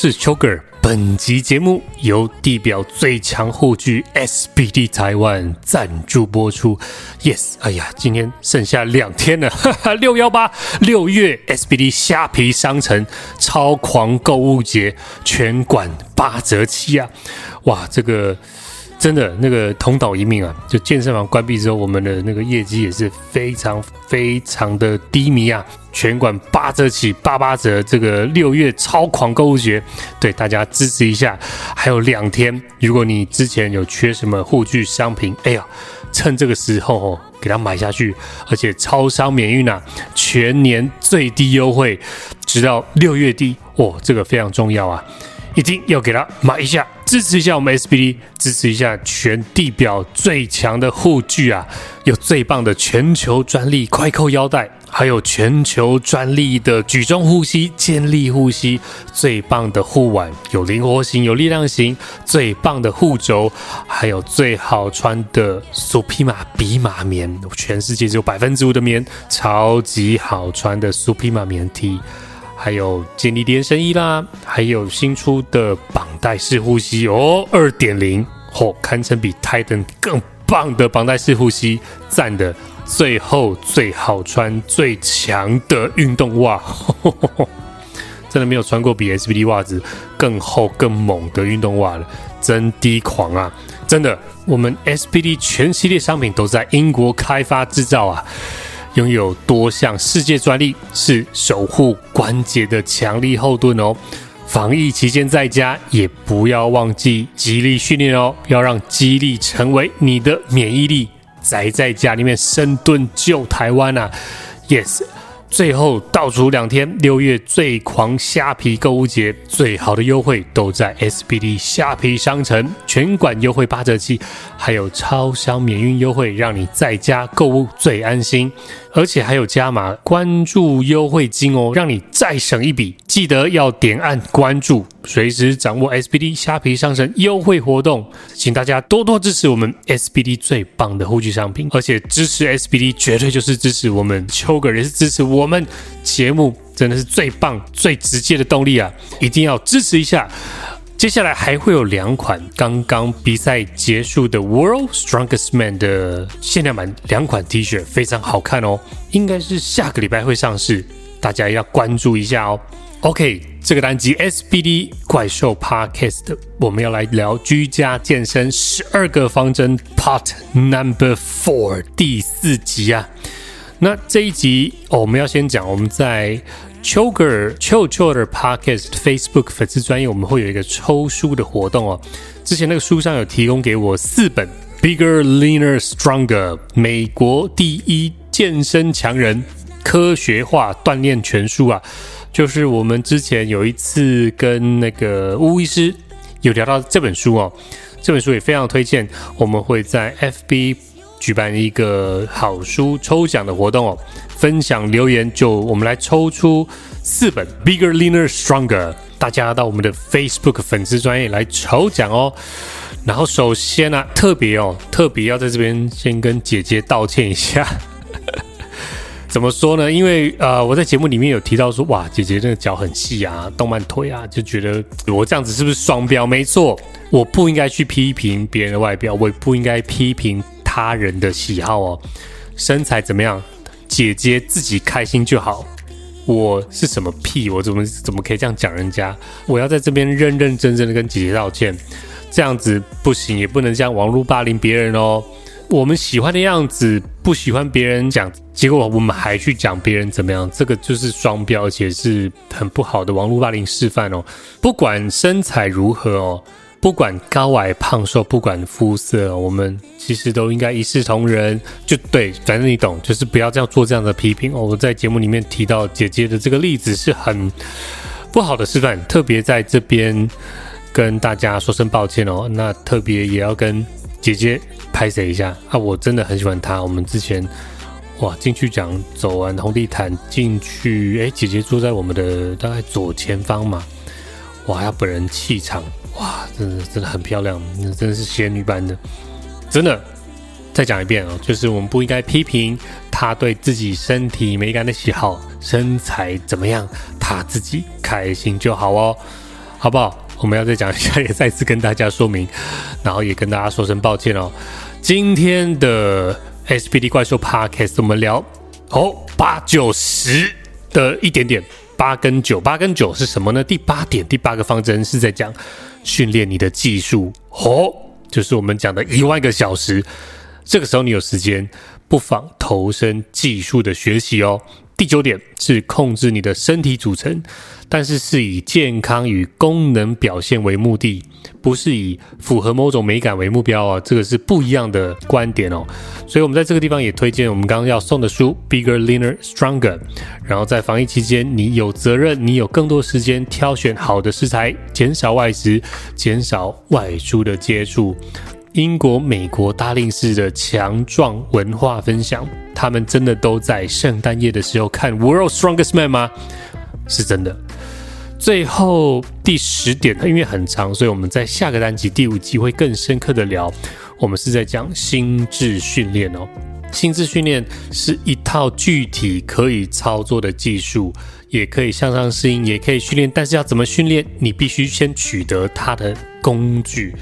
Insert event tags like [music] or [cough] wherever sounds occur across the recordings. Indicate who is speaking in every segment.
Speaker 1: 是邱個本集節目由地表最強護具 SBD 台灣贊助播出。Yes，哎呀，今天剩下兩天了，哈哈，六幺八六月 SBD 蝦皮商城超狂購物節，全館八折起啊！哇，這個。真的，那個同島一命啊，就健身房關閉之後，我們的那個業績也是非常非常的低迷啊。全館八折起，八八折，這個六月超狂購物節，對大家支持一下。還有兩天，如果你之前有缺什麼護具商品，哎呀，趁這個時候哦，給它買下去，而且超商免運啊，全年最低優惠，直到六月底。哦，這個非常重要啊，一定要給它買一下。支持一下我們 SBD，支持一下全地表最強的護具啊！有最棒的全球專利快扣腰帶，還有全球專利的舉重護膝、健力護膝，最棒的護腕有靈活性、有力量型，最棒的護肘，還有最好穿的 Supima 比馬棉，全世界只有百分之五的棉，超級好穿的 Supima 棉 T。還有健力連身衣啦，還有新出的綁帶式護膝哦，二點零，嚯，堪稱比 Titan 更棒的綁帶式護膝，讚、哦哦、的，的，最後最好穿最強的運動襪，真的沒有穿過比 SBD 襪子更厚更猛的運動襪了，真低狂啊！真的，我們 SBD 全系列商品都在英國開發制造啊。擁有多項世界專利，是守護關節的強力後盾哦。防疫期間在家也不要忘記肌力訓練哦，要讓肌力成為你的免疫力。宅在家裡面深蹲救台灣啊！Yes，最後倒數兩天，六月最狂蝦皮購物節，最好的優惠都在 SBD 蝦皮商城全館優惠八折起，還有超商免運優惠，讓你在家購物最安心。而且還有加碼關注優惠金哦，讓你再省一筆。記得要點按關注，隨時掌握 SBD 蝦皮商城優惠活動。請大家多多支持我們 SBD 最棒的護具商品，而且支持 SBD 絕對就是支持我們邱個，也是支持我們節目，真的是最棒、最直接的動力啊！一定要支持一下。接下來還會有兩款剛剛比賽結束的 World Strongest Man 的限量版，兩款 T 恤非常好看哦，應該是下個禮拜會上市，大家要關注一下哦。OK，這個單集 SBD 怪獸 Podcast 我們要來聊居家健身十二個方針 Part Number Four 第四集啊,那這一集哦，我們要先講我們在。邱個，邱個 Podcast Facebook 粉絲專頁我們會有一個抽書的活動哦。之前那個書上有提供給我四本《Bigger Leaner Stronger》美國第一健身強人科學化鍛鍊全書啊，就是我們之前有一次跟那個巫醫師有聊到這本書哦。這本書也非常推薦，我們會在 FB。舉辦一個好書抽獎的活動哦，分享留言就我們來抽出四本《Bigger, Leaner, Stronger》，大家到我們的 Facebook 粉絲專頁來抽獎哦。然後首先呢、啊，特別哦，特別要在這邊先跟姐接道歉一下。怎麼說呢？因為、呃、我在節目裡面有提到說，哇，姐接這個腳很細啊，動漫腿啊，就覺得我這樣子是不是雙標？沒錯，我不應該去批評別人的外表，我也不應該批評。他人的喜好哦，身材怎麼樣？姐姐自己開心就好。我是什麼屁？我怎麼怎麼可以這樣講人家？我要在這邊認認真真的跟姐姐道歉。這樣子不行，也不能這樣網絡霸凌別人哦。我們喜歡的樣子，不喜歡別人講，結果我們還去講別人怎麼樣？這個就是雙標，而且是很不好的網絡霸凌示範哦。不管身材如何哦。不管高矮胖瘦，不管膚色，我們其實都應該一視同仁。就對，反正你懂，就是不要這樣做這樣的批評哦。我在節目裡面提到姐姐的這個例子是很不好的示範，特別在這邊跟大家說聲抱歉哦。那特別也要跟姐姐拍謝一下啊？我真的很喜歡她。我們之前哇進去講走完紅地毯進去，誒、欸，姐姐坐在我們的大概左前方嘛。哇，她本人氣場。哇，真的真的很漂亮，真的是仙女般的，真的。再講一遍啊、哦，就是我們不應該批評她對自己身體美感的喜好，身材怎麼樣，她自己開心就好哦，好不好？我們要再講一下，也再次跟大家說明，然後也跟大家說聲抱歉哦。今天的 SBD 怪獸 Podcast，我們聊哦八九十的一點點八跟九，八跟九是什麼呢？第八點，第八個方針是在講。訓練你的技術哦，就是我們講的一萬個小時。這個時候你有時間，不妨投身技術的學習哦。第九點是控制你的身體組成，但是是以健康與功能表現為目的。不是以符合某種美感為目標哦，這個是不一樣的觀點哦。所以，我們在這個地方也推薦我們剛剛要送的書《Bigger, Leaner, Stronger》。然後，在防疫期間，你有責任，你有更多時間挑選好的食材，減少外食，減少外出的接觸。英國、美國、大力士的強壯文化分享，他們真的都在聖誕夜的時候看《World's Strongest Man》嗎？是真的。最後第十點，因為很長，所以我們在下個單集第五集會更深刻的聊。我們是在講心智訓練哦，心智訓練是一套具體可以操作的技術，也可以向上適應，也可以訓練。但是要怎麼訓練，你必須先取得它的工具。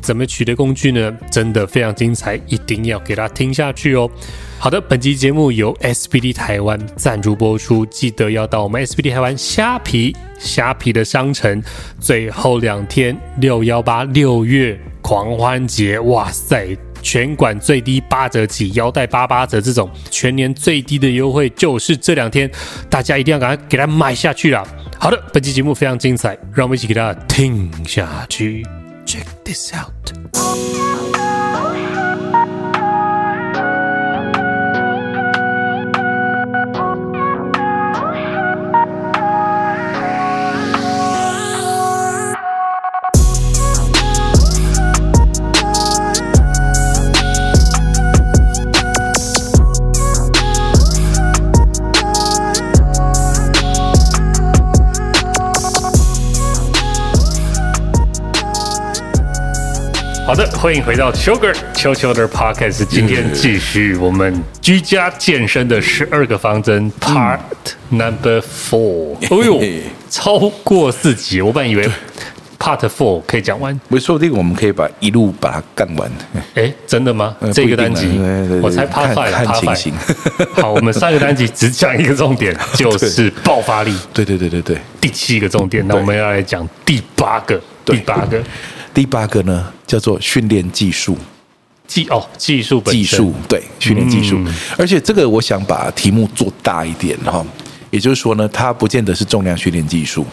Speaker 1: 怎麼取得工具呢？真的非常精彩，一定要給它聽下去哦、喔。好的，本期節目由 SBD 台灣贊助播出，記得要到我們 SBD 台灣蝦皮蝦皮的商城，最後兩天六幺八六月狂歡節，哇塞，全館最低八折起，腰帶八八折，這種全年最低的優惠就是這兩天，大家一定要趕快給他買下去啦！好的，本期節目非常精彩，讓我們一起給他聽下去。Check this out. 好的，歡迎回到 Sugar Q Q 的 Podcast。今天繼續我們居家健身的十二個方針 Part Number Four。哦呦，超過四集，我本以為 Part Four 可以講完。
Speaker 2: 沒說定，我們可以把一路把它幹完。
Speaker 1: 哎，真的嗎？這個單集，我猜 Part Five。好，我們三個單集只講一個重點，就是爆發
Speaker 2: 力。對對對對對，第七個重點，那我們要
Speaker 1: 來講第八個，第八個。
Speaker 2: 第八個呢，叫做訓練技術，
Speaker 1: 技哦，技術本技術，對，訓練技術，
Speaker 2: 而且這個我想把題目做大一點哈，也就是說呢，它不見得是重量訓練技術，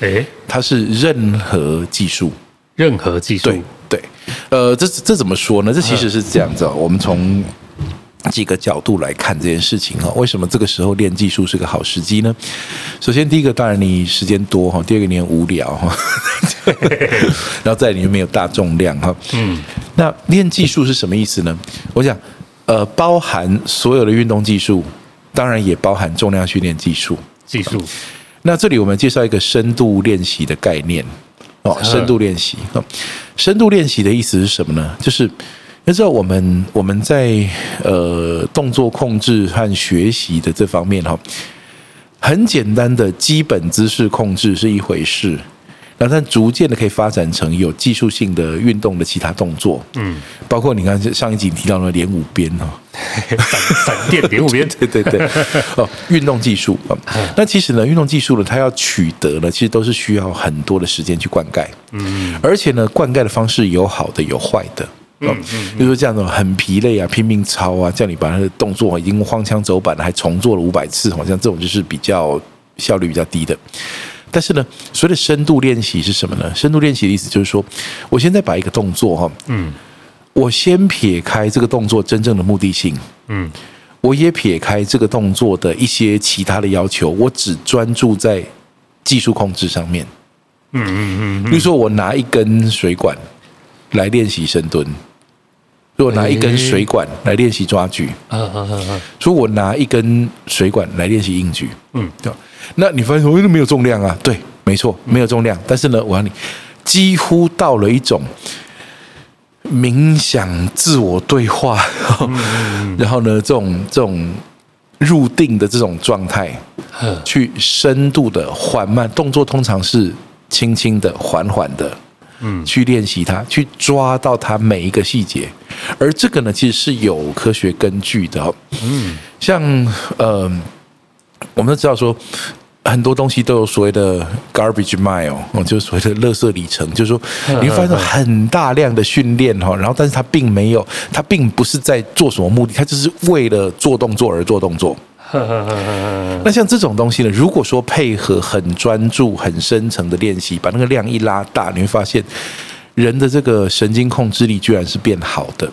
Speaker 2: 誒，它是任何技術，任何技術，對對，呃，這這怎麼說呢？這其實是這樣子，我們從。幾個角度來看這件事情哈，為什麼這個時候練技術是個好時機呢？首先，第一個，當然你時間多哈；第二個，你很無聊哈；然後再，你就沒有大重量哈。嗯。那練技術是什麼意思呢？我想，呃，包含所有的運動技術，當然也包含重量訓練技術。技術。那這裡我們介紹一個深度練習的概念哦。深度練習哈，深度練習的意思是什麼呢？就是。那在我們我們在呃動作控制和學習的這方面哈，很簡單的基本姿勢控制是一回事，然後它逐漸的可以發展成有技術性的運動的其他動作，嗯，包括你看上一集提到了連五鞭哈，閃
Speaker 1: 閃電連五鞭，對對對，
Speaker 2: 哦，運動技術，那、嗯、其實呢，運動技術呢，它要取得呢，其實都是需要很多的時間去灌溉，嗯，而且呢，灌溉的方式有好的有壞的。嗯嗯，嗯嗯，比如說這樣子很疲累啊，拼命操啊，叫你把他的動作已經荒腔走板了，還重做了五百次，好像這種就是比較效率比較低的。但是呢，所謂的深度練習是什麼呢？深度練習的意思就是說，我現在把一個動作哈，嗯，我先撇開這個動作真正的目的性，嗯，我也撇開這個動作的一些其他的要求，我只專注在技術控制上面。嗯嗯嗯，嗯嗯，比如說我拿一根水管來練習深蹲。如果拿一根水管來練習抓舉，嗯嗯嗯嗯，所以我拿一根水管來練習硬舉，嗯，對，那你發現我為什麼沒有重量啊？對，沒錯，沒有重量，但是呢，我要你幾乎到了一種冥想自我對話，然後呢，這種這種入定的這種狀態，去深度的緩慢動作，通常是輕輕的、緩緩的。嗯，去練習它，去抓到它每一個細節，而這個呢，其實是有科學根據的。嗯，像呃，我們都知道說，很多東西都有所謂的 garbage mile，就是所謂的垃圾里程。嗯、就是說，你會發現很大量的訓練哈，然後，但是它並沒有，它並不是在做什麼目的，它就是為了做動作而做動作。 [laughs] 那像這種東西呢？如果說配合很專注、很深層的練習，把那個量一拉大，你會發現人的這個神經控制力居然是變好的。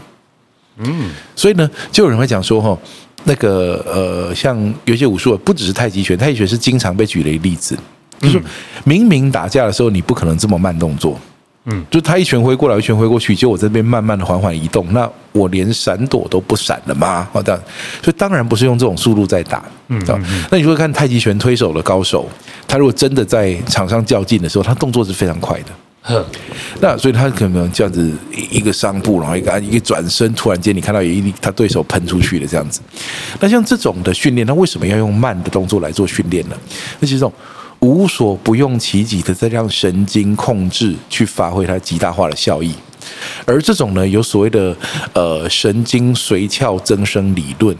Speaker 2: 嗯，所以呢，就有人會講說：“哈，那個呃，像有些武術，不只是太極拳，太極拳是經常被舉的一個例子。就是說明明打架的時候，你不可能這麼慢動作。”嗯，就他一拳揮過來，一拳揮過去，就我這邊慢慢的、緩緩移動，那我連閃躲都不閃了嗎？好的。所以當然不是用這種速度在打，嗯啊、嗯嗯，那你就會看太極拳推手的高手，他如果真的在場上較勁的時候，他動作是非常快的，呵，那所以他可能這樣子一個上步，然後一個一個轉身，突然間你看到有一他對手噴出去的這樣子，那像這種的訓練，他為什麼要用慢的動作來做訓練呢？那其實。這種。無所不用其極的在讓神經控制去發揮它極大化的效益，而這種呢，有所謂的呃神經髓鞘增生理論。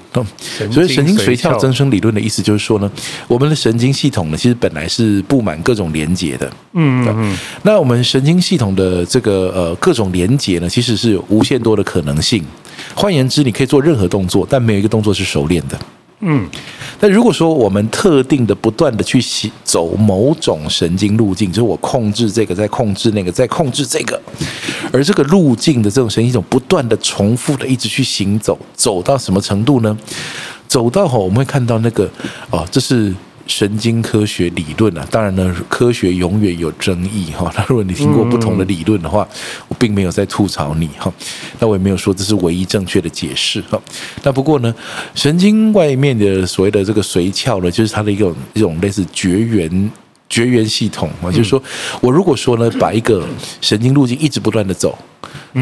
Speaker 2: 所以神經髓鞘增生理論的意思就是說呢，我們的神經系統呢，其實本來是布滿各種連接的。嗯嗯，那我們神經系統的這個呃各種連接呢，其實是有無限多的可能性。換言之，你可以做任何動作，但沒有一個動作是熟練的。嗯，那如果說我們特定的不斷的去行走某種神經路徑，就是我控制這個，再控制那個，再控制這個，而這個路徑的這種神經走不斷的重複的一直去行走，走到什麼程度呢？走到後我們會看到那個哦，這是。神經科學理論啊，當然呢，科學永遠有爭議哈。那如果你聽過不同的理論的話，我並沒有在吐槽你哈。那我也沒有說這是唯一正確的解釋哈。那不過呢，神經外面的所謂的這個髓鞘呢，就是它的一種一種類似絕緣。絕緣系統，我就是說，我如果說呢，把一個神經路徑一直不斷地走，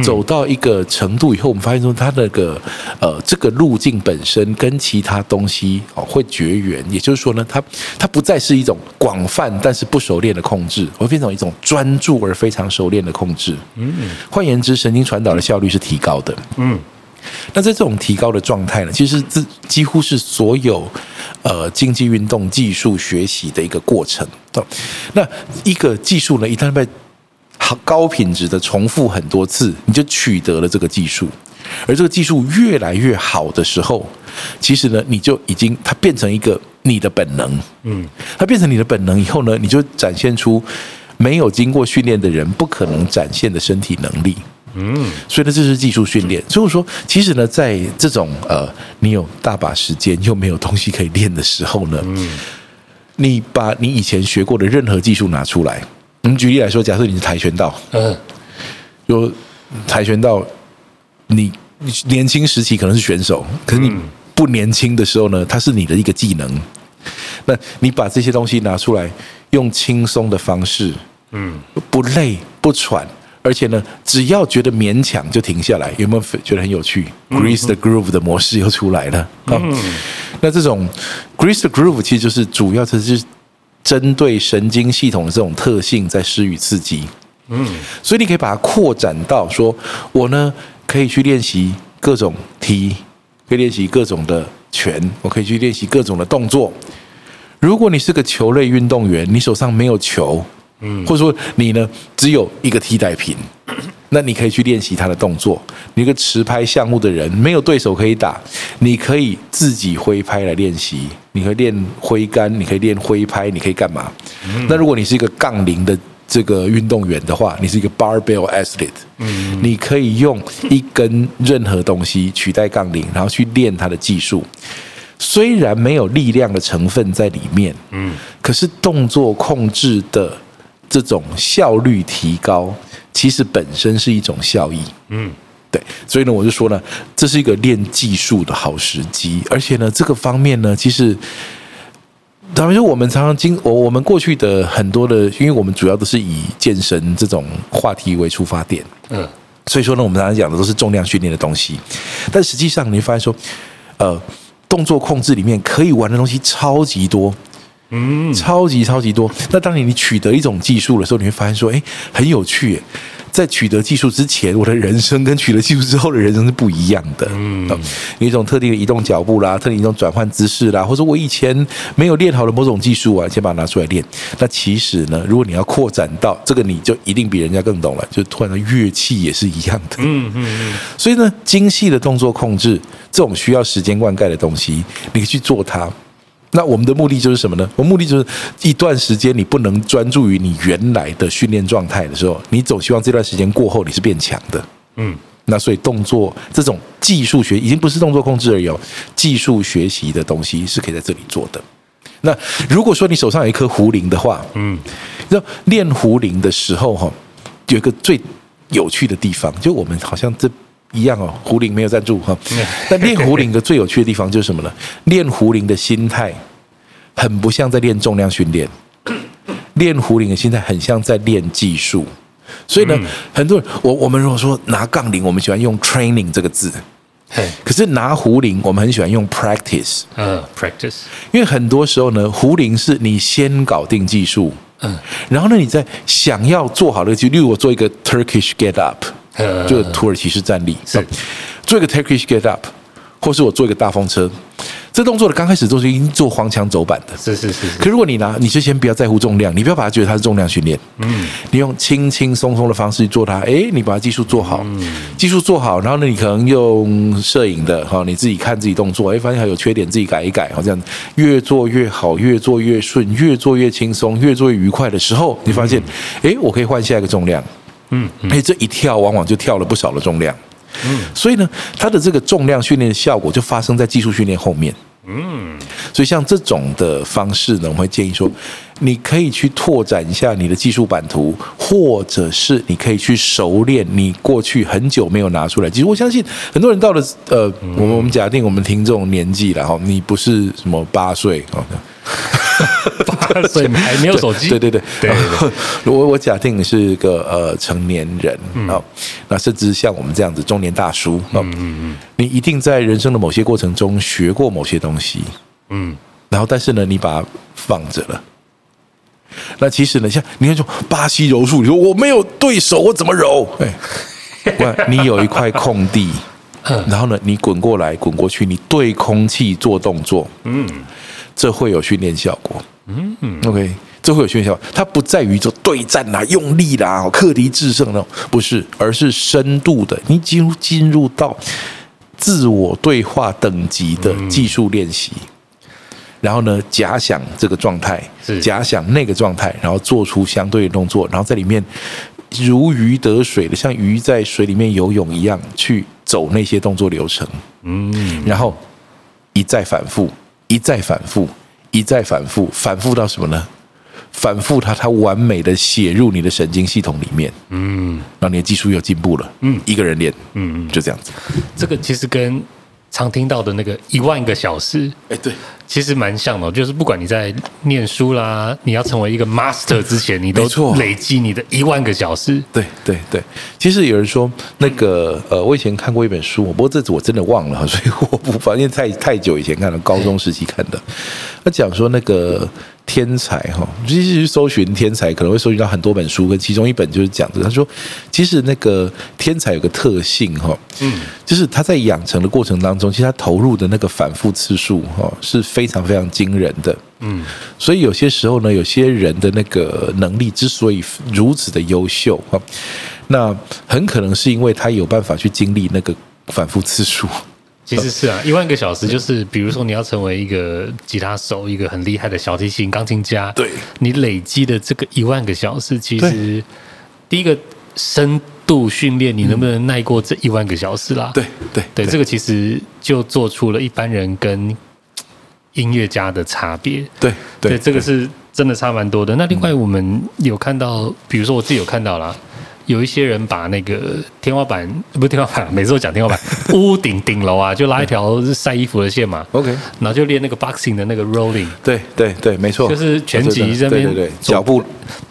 Speaker 2: 走到一個程度以後，我們發現說，它那個呃，這個路徑本身跟其他東西會絕緣，也就是說呢，它它不再是一種廣泛但是不熟練的控制，而變成一種專注而非常熟練的控制。嗯嗯。換言之，神經傳導的效率是提高的。嗯。那在這種提高的狀態呢，其實這幾乎是所有呃競技運動技術學習的一個過程。那一個技術呢，一旦被好高品質的重複很多次，你就取得了這個技術。而這個技術越來越好的時候，其實呢，你就已經它變成一個你的本能。嗯，它變成你的本能以後呢，你就展現出沒有經過訓練的人不可能展現的身體能力。嗯，所以呢，這是技術訓練。所以我說，其實呢，在這種呃，你有大把時間又沒有東西可以練的時候呢，嗯，你把你以前學過的任何技術拿出來。我們舉例來說，假設你是跆拳道，嗯，有跆拳道，你你年輕時期可能是選手，可是你不年輕的時候呢，它是你的一個技能。那你把這些東西拿出來，用輕鬆的方式，嗯，不累不喘。而且呢，只要覺得勉強就停下來，有沒有覺得很有趣？嗯、哼 Grease the groove 的模式又出來了。嗯哼，那這種 Grease the groove 其實就是主要就是針對神經系統的這種特性在施予刺激。嗯
Speaker 3: 哼，
Speaker 2: 所以你可以把它擴展到說，我呢可以去練習各種踢，可以練習各種的拳，我可以去練習各種的動作。如果你是個球類運動員，你手上沒有球。嗯，或者說你呢，只有一個替代品，那你可以去練習他的動作。你一個持拍項目的人沒有對手可以打，你可以自己揮拍來練習。你可以練揮桿，你可以練揮拍，你可以幹嘛？那如果你是一個槓鈴的這個運動員的話，你是一個 barbell athlete，嗯，你可以用一根任何東西取代槓鈴，然後去練他的技術。雖然沒有力量的成分在裡面，嗯，可是動作控制的。這種效率提高，其實本身是一種效益。嗯，對，所以呢，我就說呢，這是一個練技術的好時機，而且呢，這個方面呢，其實，等於說我們常常經我我們過去的很多的，因為我們主要都是以健身這種話題為出發點，嗯，所以說呢，我們常常講的都是重量訓練的東西，但實際上，你會發現說，呃，動作控制裡面可以玩的東西超級多。嗯，超級超級多。那當你你取得一種技術的時候，你會發現說，哎、欸，很有趣耶。在取得技術之前，我的人生跟取得技術之後的人生是不一樣的。嗯，有一種特定的移動腳步啦，特定一種轉換姿勢啦，或者我以前沒有練好的某種技術啊，先把它拿出來練。那其實呢，如果你要擴展到這個，你就一定比人家更懂了。就突然的樂器也是一樣的。嗯嗯嗯。嗯，所以呢，精細的動作控制這種需要時間灌溉的東西，你可以去做它。那我們的目的就是什麼呢？我們目的就是一段時間你不能專注於你原來的訓練狀態的時候，你總希望這段時間過後你是變強的。嗯，那所以動作這種技術學已經不是動作控制而已，有技術學習的東西是可以在這裡做的。那如果說你手上有一顆壺鈴的話，嗯，那練壺鈴的時候哈，有一個最有趣的地方，就我們好像這。一樣哦，壺鈴沒有贊助哈。但練壺鈴的最有趣的地方就是什麼呢？練壺鈴的心態很不像在練重量訓練，練壺鈴的心態很像在練技術。所以呢，很多人我我們如果說拿槓鈴，我們喜歡用 training 這個字，嘿。可是拿壺鈴，我們很喜歡用 practice。呃，practice。因為很多時候呢，壺鈴是你先搞定技術，嗯，然後呢，你再想要做好的技術，就例如我做一個 Turkish Get Up。就土耳其式站立，是做一個 Turkish Get Up，或是我做一個大風車，這動作的剛開始都是已做荒腔走板的，是，是是是。可是如果你拿你就先不要在乎重量，你不要把它覺得它是重量訓練，嗯，你用輕輕松松的方式去做它，哎、欸，你把它技術做好，嗯、技術做好，然後呢，你可能用攝影的哈，你自己看自己動作，哎、欸，發現還有缺點，自己改一改，好像越做越好，越做越順，越做越輕鬆，越做越愉快的時候，你發現，哎、欸，我可以換下一個重量。嗯，而且這一跳往往就跳了不少的重量，嗯，所以呢，它的這個重量訓練的效果就發生在技術訓練後面，嗯，所以像這種的方式呢，我會建議說，你可以去拓展一下你的技術版圖，或者是你可以去熟練你過去很久沒有拿出來。其實我相信很多人到了呃，我們我們假定我們聽眾年紀了哈，你不是什麼八歲啊、哦。 [laughs] 所以你還沒有手機。對對對，對，對，對，對。如果我假定你是個呃成年人那，嗯、甚至像我們這樣子中年大叔，嗯嗯嗯，你一定在人生的某些過程中學過某些東西，嗯，然後但是呢，你把它放着了。嗯，那其實呢，像你看，說巴西柔術，你說我沒有對手，我怎麼柔？哎喂，你有一塊空地，然後呢，你滾過來滾過去，你對空氣做動作，嗯，這會有訓練效果。嗯嗯，OK，這會有玄學，它不在於做對戰啊、用力啦、啊、克敵制勝的那種，不是，而是深度的。你進進入到自我對話等級的技術練習，嗯、然後呢，假想這個狀態，是 假想那個狀態，然後做出相對的動作，然後在裡面如魚得水的，像魚在水裡面游泳一樣去走那些動作流程，嗯，然後一再反覆，一再反覆。一再反復，反復到什麼呢？反復它，它完美的寫入你的神經系統裡面，嗯，讓你的技術又進步了，嗯，一個人練，嗯嗯，就這樣子。
Speaker 1: 這個其實跟。常聽到的那個一萬個小時，哎，對，其實蠻像的，就是不管你在念書啦，你要成為一個 master 之前，你都累
Speaker 2: 積你的一萬個小時對。對對對，對，其實有人說那個呃，我以前看過一本書，不過這次我真的忘了，所以我不發現，太太久以前看了，高中時期看的，他講說那個。天才哈，就是去搜尋天才，可能會搜尋到很多本書，跟其中一本就是講的。他說，其實那個天才有個特性哈，嗯，就是他在養成的過程當中，其實他投入的那個反復次數哈，是非常非常驚人的。嗯，所以有些時候呢，有些人的那個能力之所以如此的優秀哈，那很可能是因為他有辦法去經歷那個反復次數。
Speaker 1: 其實是啊，一萬個小時就是，比如說你要成為一個吉他手，一個很厲害的小提琴、鋼琴家，對你累積的這個一萬個小時，其實對第一個深度訓練，你能不能耐過這一萬個小時啦？對對對，對，這個其實就做出了一般人跟音樂家的差別。對對，對這個是真的差蠻多的。那另外我們有看到，嗯、比如說我自己有看到啦。有一些人把那個天花板，不是天花板，每次都講天花板，屋頂頂樓啊，就拉一條曬衣服的線嘛。OK，然後就練那個 boxing 的那個 rolling 對。對對，對對對，沒錯，就是拳擊這邊，對，腳步，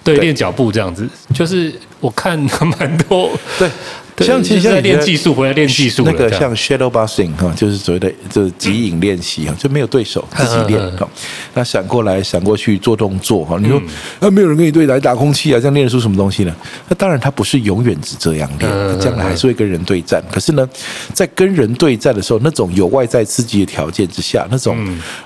Speaker 1: 對練腳步這樣子。
Speaker 2: 就是我看蠻多，對。對像其實現在練技術回來練技術，那個像 shadow boxing 哈，就是所謂的就是極影練習啊，就沒有對手自己練哈。那閃過來閃過去做動作哈，嗯、你說那沒有人跟你對打，打空氣啊，這樣練出什麼東西呢？那當然他不是永遠只這樣練，他將來還是會跟人對戰。可是呢，在跟人對戰的時候，那種有外在刺激的條件之下，那種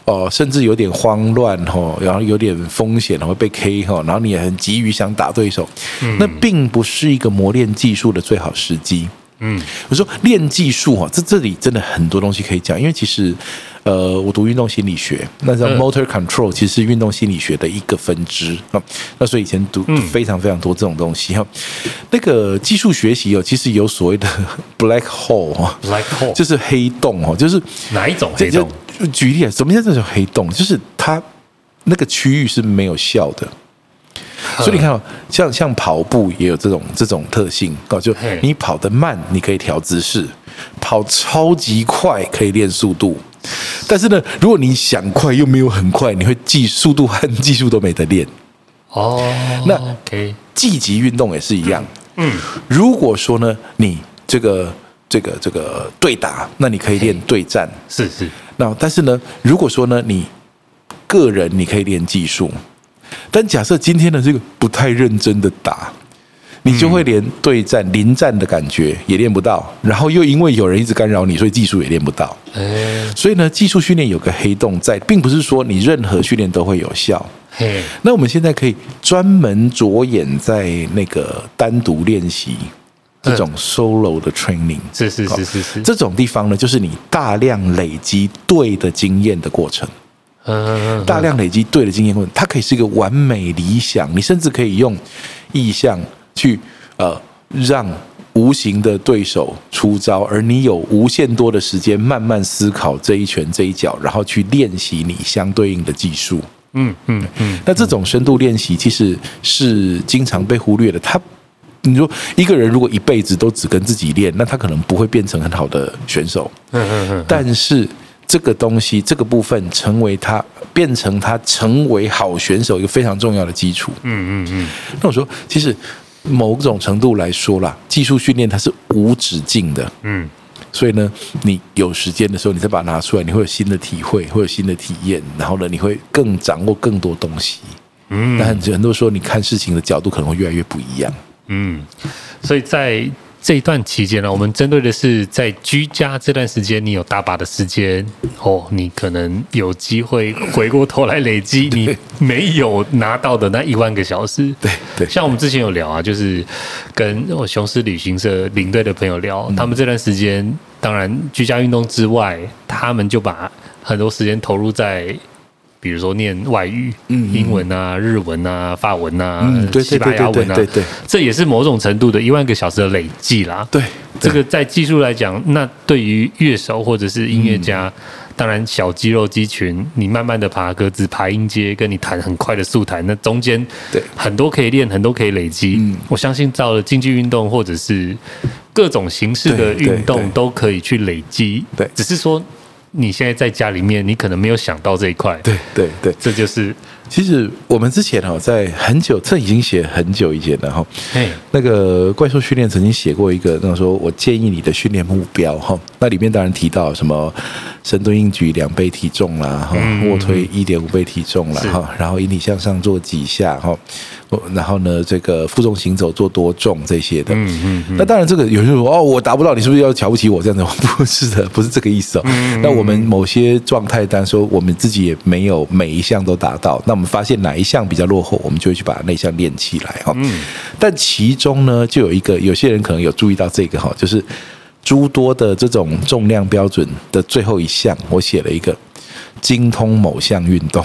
Speaker 2: 哦，甚至有點慌亂哈，然後有點風險，會被 K 哈，然後你也很急於想打對手，嗯、那並不是一個磨練技術的最好時機。機，嗯，我說練技術哈、啊，這這裡真的很多東西可以講，因為其實，呃，我讀運動心理學，那叫 motor control，其實是運動心理學的一個分支，那那所以以前讀非常非常多這種東西哈，那個技術學習哦，其實有所謂的 black hole 哈，black hole 就是黑洞哦，就是哪一種黑洞？這就舉例啊，什麼叫這種黑洞？就是它那個區域是沒有效的。嗯、所以你看，像像跑步也有這種這種特性，哦，就你跑得慢，你可以調姿勢；跑超級快，可以練速度。但是呢，如果你想快又沒有很快，你會技速度和技術都沒得練。哦，那以 okay 技擊運動也是一樣。嗯，嗯如果說呢，你這個這個這個對打，那你可以練對戰。是、okay、是。那但是呢，如果說呢，你個人你可以練技術。但假設今天的這個不太認真的打，你就會連對戰臨戰的感覺也練不到，然後又因為有人一直干擾你，所以技術也練不到。所以呢，技術訓練有個黑洞在，並不是說你任何訓練都會有效。那我們現在可以專門着眼在那個單獨練習這種 solo 的 training，是是是是是，這種地方呢，就是你大量累積對的經驗的過程。嗯， [music] 大量累積對的經驗過程，它可以是一個完美理想。你甚至可以用意象去呃，讓無形的對手出招，而你有無限多的時間慢慢思考這一拳、這一腳，然後去練習你相對應的技術。嗯嗯
Speaker 3: 嗯。
Speaker 2: 那這種深度練習其實是經常被忽略的。他，你說一個人如果一輩子都只跟自己練，那他可能不會變成很好的選手。嗯嗯嗯。但是。這個東西，這個部分成為他變成他成為好選手一個非常重要的基礎。嗯嗯嗯。那、嗯嗯、我說，其實某種程度來說啦，技術訓練它是無止境的。
Speaker 3: 嗯。
Speaker 2: 所以呢，你有時間的時候，你再把它拿出來，你會有新的體會，會有新的體驗，然後呢，你會更掌握更多東西。嗯。但很多時候，你看事情的角度可能會越來越不一樣。嗯。
Speaker 1: 所以在。這一段期間呢，我們針對的是在居家這段時間，你有大把的時間哦，你可能有機會回過頭來累積你沒有拿到的那一萬個小時。對對、對，像我們之前有聊啊，就是跟我雄獅旅行社領隊的朋友聊，他們這段時間當然居家運動之外，他們就把很多時間投入在。比如說，念外語，嗯，英文啊，日文啊，法文啊，西班牙文啊，對對，對，這也是某種程度的一萬個小時的累積啦。對，對，這個在技術來講，那對於樂手或者是音樂家，嗯、當然小肌肉肌群，你慢慢的爬格子、爬音階，跟你彈很快的速彈，那中間很多可以練，對對對，很多可以累積。對對對對，我相信，到了競技運動或者是各種形式的運動，都可以去累積。對，對，只是說。你現
Speaker 2: 在在家裡面，你可能沒有想到這一塊。對對對，這就是其實我們之前哈，在很久這已經寫很久以前了哈。嘿那個怪獸訓練曾經寫過一個，那個、說我建議你的訓練目標哈，那裡面當然提到什麼深蹲硬舉兩倍體重啦哈，臥推一點五倍體重啦哈，嗯、是然後引體向上做幾下哈。然後呢，這個負重行走做多重這些的，嗯嗯，那當然，這個有些人說哦，我達不到，你是不是要瞧不起我這樣子？不是的，不是這個意思哦。嗯、哼那我們某些狀態，單說我們自己也沒有每一項都達到。那我們發現哪一項比較落後，我們就會去把那項練起來哦。嗯、但其中呢，就有一個有些人可能有注意到這個哈，就是諸多的這種重量標準的最後一項，我寫了一個精通某項運動。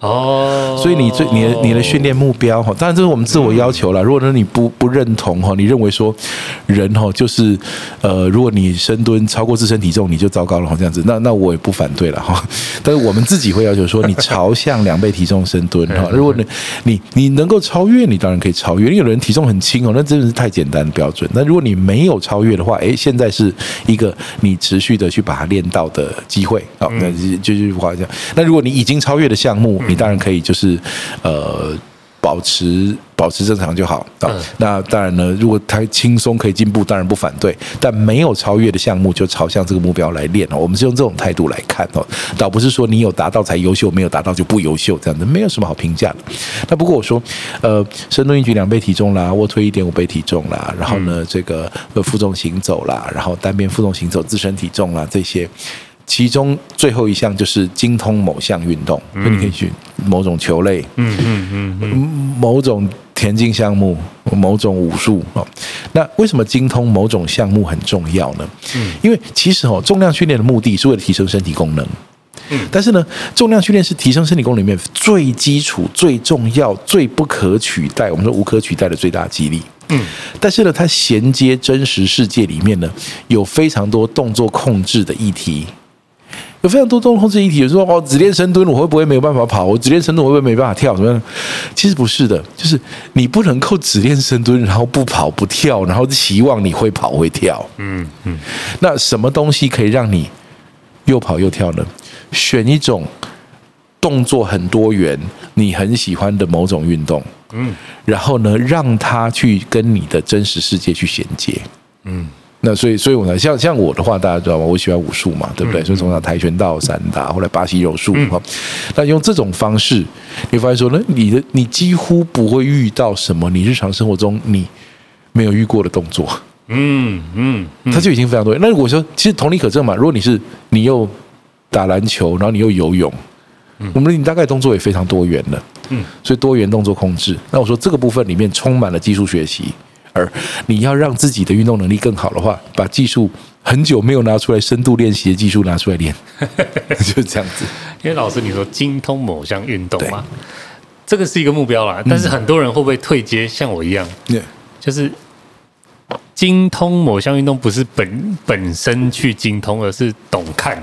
Speaker 2: 哦，oh, 所以你最你的你的訓練目標哈，當然這是我們自我要求了。如果說你不不認同哈，你認為說人哈就是呃，如果你深蹲超過自身體重，你就糟糕了哈，這樣子，那那我也不反對了哈。但是我們自己會要求說，你朝向兩倍體重深蹲哈。 [laughs] 如果你你你能夠超越，你當然可以超越。因為有人體重很輕哦，那真的是太簡單的標準。那如果你沒有超越的話，誒、欸，現在是一個你持續的去把它練到的機會啊。那、嗯、這句話講，那如果你已經超越的項目，當然可以，就是，呃，保持保持正常就好啊、嗯哦。那當然呢，如果太輕鬆可以進步，當然不反對。但沒有超越的項目，就朝向這個目標來練。我們是用這種態度來看哦，倒不是說你有達到才優秀，沒有達到就不優秀這樣的，沒有什麼好評價的。那不過我說，呃，深蹲硬舉兩倍體重啦，臥推一點五倍體重啦，然後呢，嗯、這個負重行走啦，然後單邊負重行走自身體重啦這些。其中最後一項就是精通某項運動，你可以選某種球類，嗯嗯嗯，某種田徑項目，某種武術哦，那為什麼精通某種項目很重要呢？嗯，因為其實哦，重量訓練的目的是為了提升身體功能。嗯，但是呢，重量訓練是提升身體功能裡面最基礎、最重要、最不可取代，我們說無可取代的最大肌力。嗯，但是呢，它銜接真實世界裡面呢，有非常多動作控制的議題。有非常多動作控制議題，有時候哦，只練深蹲，我會不會沒有辦法跑？我只練深蹲，我會不會沒辦法跳？”怎麼樣？其實不是的，就是你不能夠只練深蹲，然後不跑不跳，然後希望你會跑會跳。嗯嗯。嗯，那什麼東西可以讓你又跑又跳呢？選一種動作很多元、你很喜歡的某種運動。嗯。然後呢，讓它去跟你的真實世界去銜接。嗯。那所以，所以我呢，像像我的話，大家知道嗎？我喜歡武術嘛，對不對？嗯、所以從小跆拳道、散打，後來巴西柔術哈。嗯、那用這種方式，你會發現說，那你的你幾乎不會遇到什麼你日常生活中你沒有遇過的動作。嗯嗯，嗯嗯它就已經非常多。那我說，其實同理可證嘛。如果你是你又打籃球，然後你又游泳，嗯、我們你大概動作也非常多元的。嗯，所以多元動作控制。那我說這個部分裡面充滿了技術學習。而你要讓自己的運動能力更好的話，把技術很久沒有拿出來深度練習的技術拿出來練，
Speaker 1: 就是這樣子。 [laughs] 因為老師你說精通某項運動嘛？對這個是一個目標啦。但是很多人會不會退階？嗯、像我一樣，Yeah. 就是精通某項運動不是本本身去精通，而是懂看。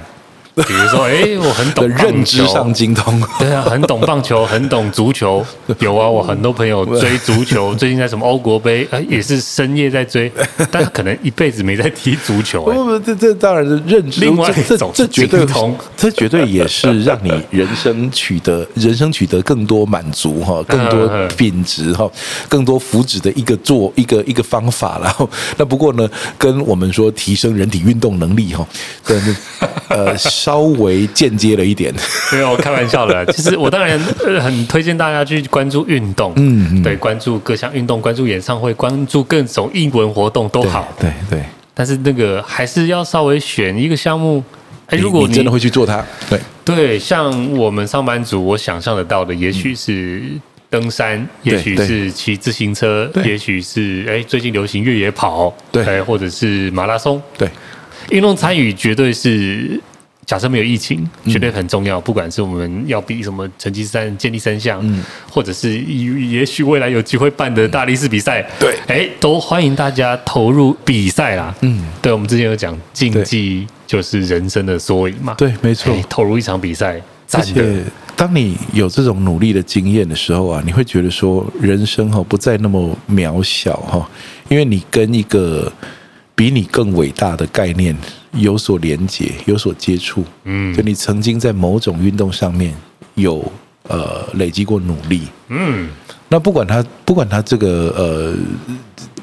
Speaker 1: 比如說，哎、欸，我很懂，認知上精
Speaker 2: 通，對啊，很
Speaker 1: 懂棒球，很懂足球。有啊，我很多朋友追足球，最近在什麼歐國杯，也是深夜在追，但
Speaker 2: 可能一輩子沒在踢足球，欸。不，不不，這這當然是認知，另外這種，這絕對，通這絕對也是讓你人生取得人生取得更多滿足哈，更多品質哈，更多福祉的一個做一個一個方法。然後，那不過呢，跟我們說提升人體運動能力哈，跟呃。是稍微姐接了一點，
Speaker 1: 沒有，開玩笑了啦 [laughs] 其實我當然很，很推薦大家去關注運動嗯，嗯，對，關注各項運動，關注演唱會，關注各種英文活動都好，對對。對對但是那個還是要稍微選一個項目。哎、欸，你如果你，你真的會去做它，對對。像我們上班族，我想象得到的也許是登山，也許是騎自行車，也許是哎、欸、最近流行越野跑，對、欸，或者是馬拉松，對。運動參與絕對是。假設沒有疫情，絕對很重要。嗯、不管是我們要比什麼成績三、建立三項，嗯、或者是也許未來有機會辦的大力士比賽，對，哎、欸，都歡迎大家投入比賽啦。嗯，對，我們之前有講，競技就是人生的縮
Speaker 2: 影嘛。對，對，沒錯、
Speaker 1: 欸，投入一場比賽，而且
Speaker 2: 當你有這種努力的經驗的時候啊，你會覺得說，人生哈不再那麼渺小哈，因為你跟一個比你更偉大的概念有所連接，有所接觸，嗯，就你曾經在某種運動上面有呃累積過努力，嗯，那不管他不管他這個呃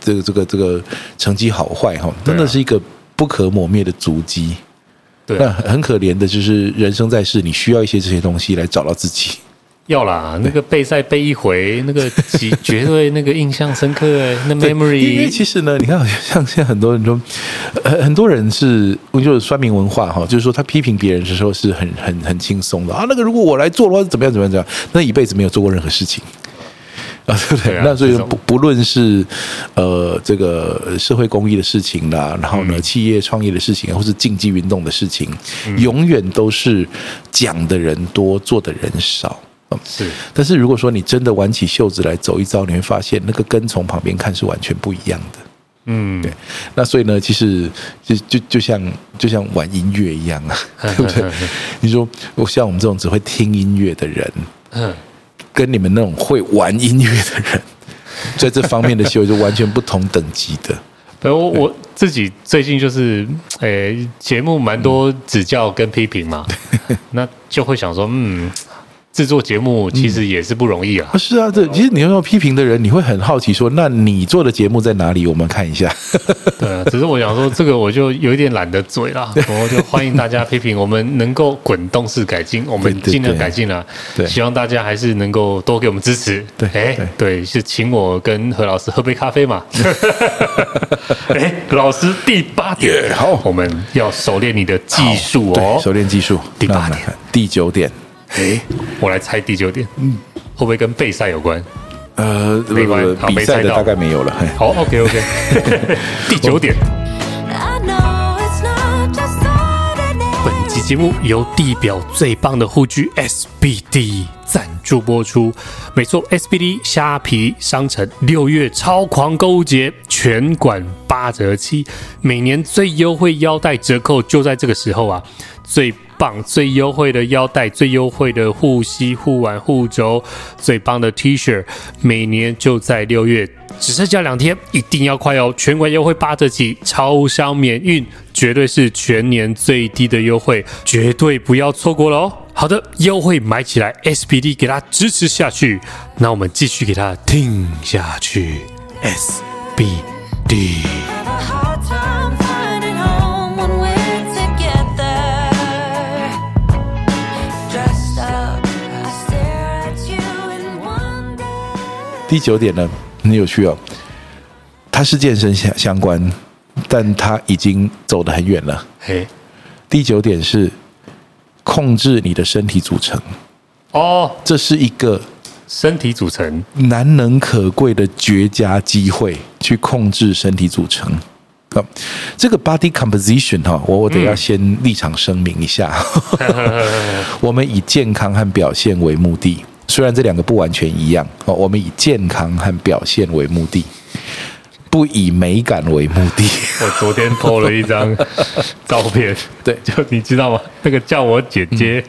Speaker 2: 這個這個這個成績好壞哈，真的是一個不可磨滅的足跡。對，那很可憐的就是人生在世，你需要一些這些東西來找到自己。
Speaker 1: 要啦，對那個背賽背一回，那個絕 [laughs] 絕對那個印象深刻，那 memory。因為其實
Speaker 2: 呢，你看好像現在很多人說，很、呃、很多人是就是酸民文化哈，就是說他批評別人的時候是很很很輕鬆的啊。那個如果我來做的話，怎麼樣怎麼樣怎麼樣？那一輩子沒有做過任何事情啊，對不對？那所以不不論是呃這個社會公益的事情啦，然後呢企業創業的事情，或是競技運動的事情，永遠都是講的人多，做的人少。是，但是如果說你真的挽起袖子來走一遭，你會發現那個跟從旁邊看是完全不一樣的。嗯，對。那所以呢，其實就就就像就像玩音樂一樣啊，對不對？呵呵呵你說我像我們這種只會聽音樂的人，嗯，呵呵 跟你們那種會玩音樂的人，在這方面的修為是完全不同等級的。
Speaker 1: 嗯、我我自己最近就是，哎、欸，節目蠻多指教跟批評嘛，嗯、那就會想說，嗯。製作節目其實也是不容易
Speaker 2: 啊、嗯！是啊，這其實你要批評的人，你會很好奇說，那你做的節目在哪裡？我們看一下。對
Speaker 1: 啊，只是我想說，這個我就有點懶得嘴了，對 然後就歡迎大家批評，我們能夠滾動式改進，我們儘量改進啊。對，對，希望大家還是能夠多給我們支持。對，對，哎、欸，對，是請我跟何老師喝杯咖啡嘛。哎、 [laughs] 欸，何老師第八點哦，我們要熟練你的技術哦，
Speaker 2: 熟練技術。第八點，第九點。
Speaker 1: 欸、我來猜第九點，嗯，會不會跟備賽有關？呃，沒關，好、呃，沒猜到，大概沒有了。好，好，OK，OK，、okay, okay、 [laughs] 第九點。
Speaker 3: Okay.
Speaker 1: 本期節目由地表最棒的護具 SBD 贊助播出。沒錯，SBD 蝦皮商城六月超狂購物節，全館八折起，每年最優惠腰帶折扣就在這個時候啊！最棒最優惠的腰帶，最優惠的護膝、護腕、護肘，最棒的 T-shirt, 每年就在六月，只剩下兩天，一定要快哦！全館優惠八折起，超商免運，絕對是全年最低的優惠，絕對不要錯過了哦！好的，優惠買起來，SBD 給他支持下去，那我們繼續給他聽下去，SBD。
Speaker 2: 第九點呢很有趣哦，它是健身相相關，但它已經走得很遠了。嘿，第九點是控制你的身體組成哦，這是一個身體組成難能可貴的絕佳機會去控制身體組成。好，這個 body composition 哈，我我得要先立場聲明一下，我們以健康和表現為目的。雖然這兩個不完全一樣哦，我們以健康和表現為目的，不以美感為目的。
Speaker 1: 我昨天偷了一張照片， [laughs] 對，就你知道嗎？那個叫我姐
Speaker 2: 接，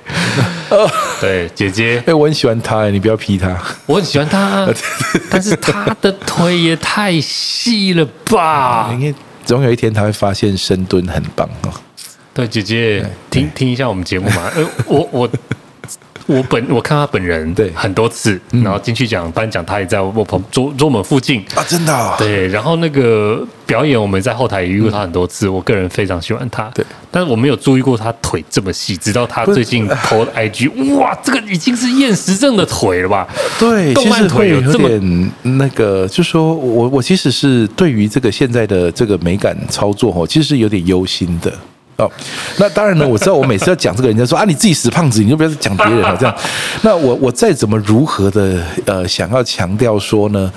Speaker 2: 嗯、對，姐接，哎、欸，我很喜歡她、欸，你不要批她，
Speaker 1: 我很喜歡她， [laughs] 但是她的腿也太細了吧，嗯？因
Speaker 2: 為總有一天她會發現深蹲很棒哦。
Speaker 1: 對，姐接，對聽對聽一下我們節目嘛。哎、欸，我我。我本我看他本人對很多次，對然後金曲獎頒獎，嗯、他也在我旁桌桌門附近啊，真的、哦、對。然後那個表演，我們在後台也遇過他很多次，嗯、我個人非常喜歡他，對。但是我沒有注意過他腿這麼細，直到他最近投了 IG，是哇，這個已經是厭食症的腿了吧？對，其實動漫腿有這麼有點
Speaker 2: 那個，就是說我我其實是對於這個現在的這個美感操作哦，其實是有點憂心的。哦， [laughs] 那當然呢。我知道我每次要講這個，人家說啊，你自己死胖子，你就不要講別人了。這樣，那我我再怎麼如何的呃，想要強調說呢，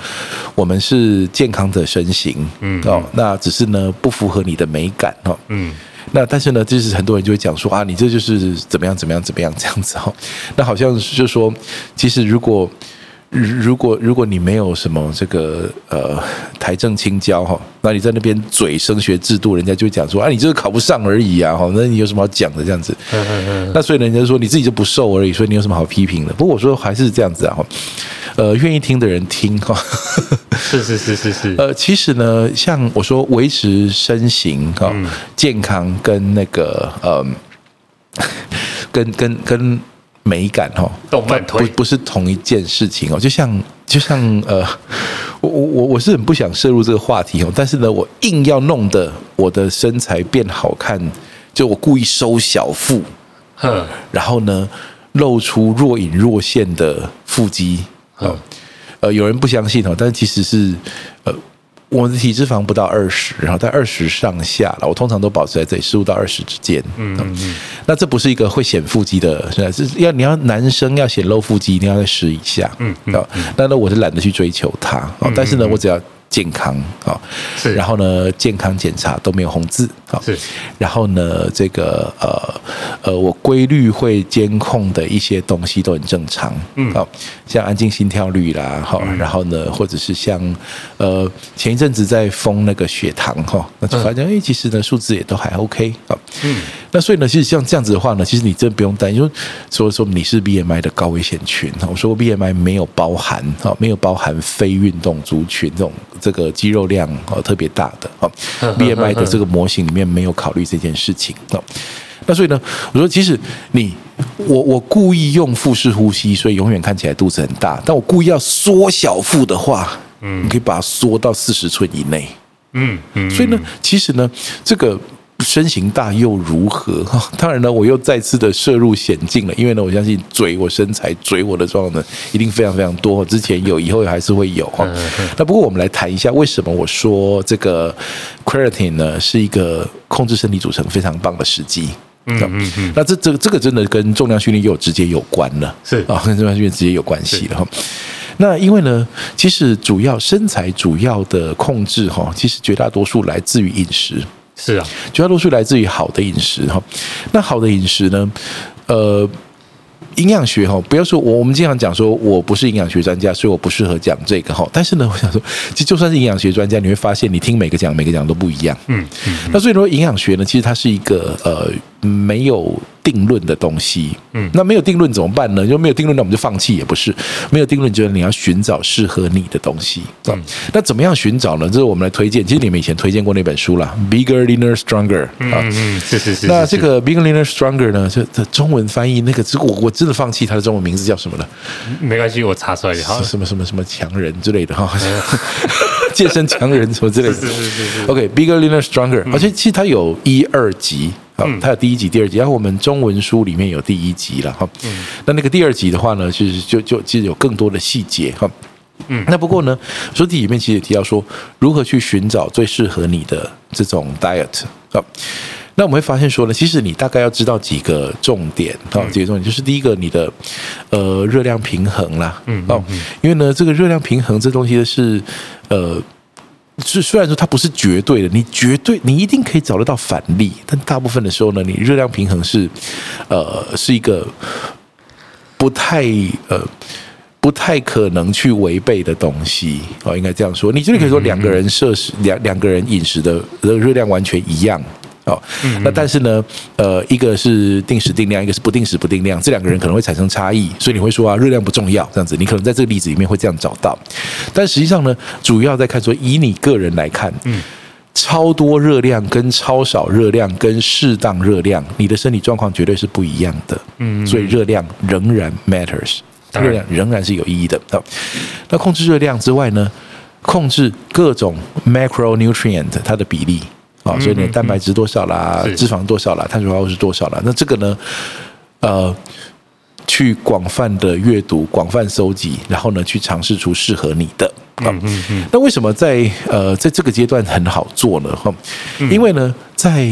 Speaker 2: 我們是健康的身形，嗯，哦，那只是呢不符合你的美感哦，嗯，那但是呢，就是很多人就會講說啊，你這就是怎麼樣怎麼樣怎麼樣這樣子哦，那好像就是說其實如果。如果如果你沒有什麼這個呃台政清交哈，那你在那邊嘴升學制度，人家就講說啊，你就是考不上而已啊，哈，那你有什麼好講的這樣子？嗯嗯
Speaker 3: 嗯、那
Speaker 2: 所以人家說你自己就不瘦而已，所以你有什麼好批評的？不過我說還是這樣子啊，哈，呃，願意聽的人聽哈。哦、
Speaker 1: 是是是是是，
Speaker 2: 呃，其實呢，像我說維持身形哈，哦嗯、健康跟那個呃，跟跟跟。跟跟美感哦，動漫，不不是同一件事情哦，就像就像呃，我我我我是很不想涉入這個話題哦，但是呢，我硬要弄得我的身材變好看，就我故意收小腹，嗯，嗯，然後呢露出若隱若現的腹肌，嗯，呃，有人不相信哦，但其實是呃。我的體脂肪不到二十，然後在二十上下，我通常都保持在這裡十五到二十之間。嗯，嗯嗯，那這不是一個會顯腹肌的，是要你要男生要顯露腹肌，你一定要在十以下。嗯，嗯嗯，那那我是懶得去追求它。但是呢，嗯嗯嗯我只要健康啊，是 然後呢，健康檢查都沒有紅字啊，是 然後呢，這個呃呃，我規律會監控的一些東西都很正常，嗯，好，像安靜心跳率啦，好，然後呢，或者是像呃，前一陣子在封那個血糖哈，那就發現哎，其實呢，數字也都還 OK 嗯，那所以呢，其實像這樣子的話呢，其實你真的不用擔心，說說你是 B M I 的高危險群，我說 B M I 沒有包含啊，沒有包含非運動族群這種。這個肌肉量特別大的，BMI 的這個模型裡面沒有考慮這件事情，那所以呢，我說其實你我我故意用腹式呼吸，所以永遠看起來肚子很大。但我故意要縮小腹的話，嗯，你可以把它縮到四十寸以內，嗯嗯。所以呢，其實呢，這個。身形大又如何？當然呢，我又再次的涉入險境了。因為呢，我相信嘴我身材嘴我的狀況呢，一定非常非常多。之前有，以後也還是會有。 [laughs] 那不過我們來談一下，為什麼我說這個 quarantine 呢，是一個控制身體組成非常棒的時機。嗯嗯嗯。那這這這個真的跟重量訓練又有直接有關了，是啊，跟重量訓練直接有關係了。是那因為呢，其實主要身材主要的控制哈，其實絕大多數來自於飲食。是啊，絕大多數來自於好的飲食哈。那好的飲食呢，呃，營養學哈，不要說我，我們經常講說我不是營養學專家，所以我不適合講這個哈。但是呢，我想說，其實就算是營養學專家，你會發現你聽每個講每個講都不一樣。嗯。嗯嗯，那所以說，營養學呢，其實它是一個呃。沒有定論的東西，嗯，那沒有定論怎麼辦呢？如果沒有定論，那我們就放棄也不是。沒有定論，就是你要尋找適合你的東西。嗯，那怎麼樣尋找呢？這、就是我們來推薦，其實你們以前推薦過那本書了，嗯《Bigger, Leaner, Stronger》啊、嗯，嗯那這個《Bigger, Leaner, Stronger》呢，就中文翻譯那個，我我真的放棄它的中文名字叫什麼了？
Speaker 1: 嗯、沒關係，我查出來的哈，什
Speaker 2: 麼什麼什麼強人之類的哈，哎、呀 [laughs] 健身強人什麼之類的。是是是是。是是是 OK，Big ger, er, er《Bigger, Leaner, Stronger》，而且其實它有一二集。好，它有第一集、第二集，嗯、然後我們中文書裡面有第一集了哈。嗯，那那個第二集的話呢，其實就是、就其實有更多的細節哈。嗯，那不過呢，書裡面其實也提到說，如何去尋找最適合你的這種 diet 啊？那我們會發現說呢，其實你大概要知道幾個重點哦，幾個重點、嗯、就是第一個，你的呃熱量平衡啦。嗯。哦、嗯，嗯、因為呢，這個熱量平衡這東西、就是呃。是，雖然說它不是絕對的，你絕對你一定可以找得到反例，但大部分的時候呢，你熱量平衡是，呃，是一個不太呃不太可能去違背的東西哦，應該這樣說，你甚至可以說兩個人攝食兩、嗯嗯、兩個人飲食的熱量完全一樣。好、哦，那但是呢，呃，一個是定時定量，一個是不定時不定量，這兩個人可能會產生差異，所以你會說啊，熱量不重要這樣子，你可能在這個例子裡面會這樣找到，但實際上呢，主要在看說以你個人來看，嗯，超多熱量跟超少熱量跟適當熱量，你的身體狀況絕對是不一樣的，嗯，所以熱量仍然 matters，熱量仍然是有意義的。好、哦、那控制熱量之外呢，控制各種 macronutrient 它的比例。啊，所以你的蛋白質多少啦，是脂肪多少啦，碳水化合物是多少啦？那這個呢，呃，去廣泛的閱讀，廣泛搜集，然後呢，去嘗試出適合你的、嗯、哼哼那為什麼在呃在這個階段很好做呢？嗯、因為呢，在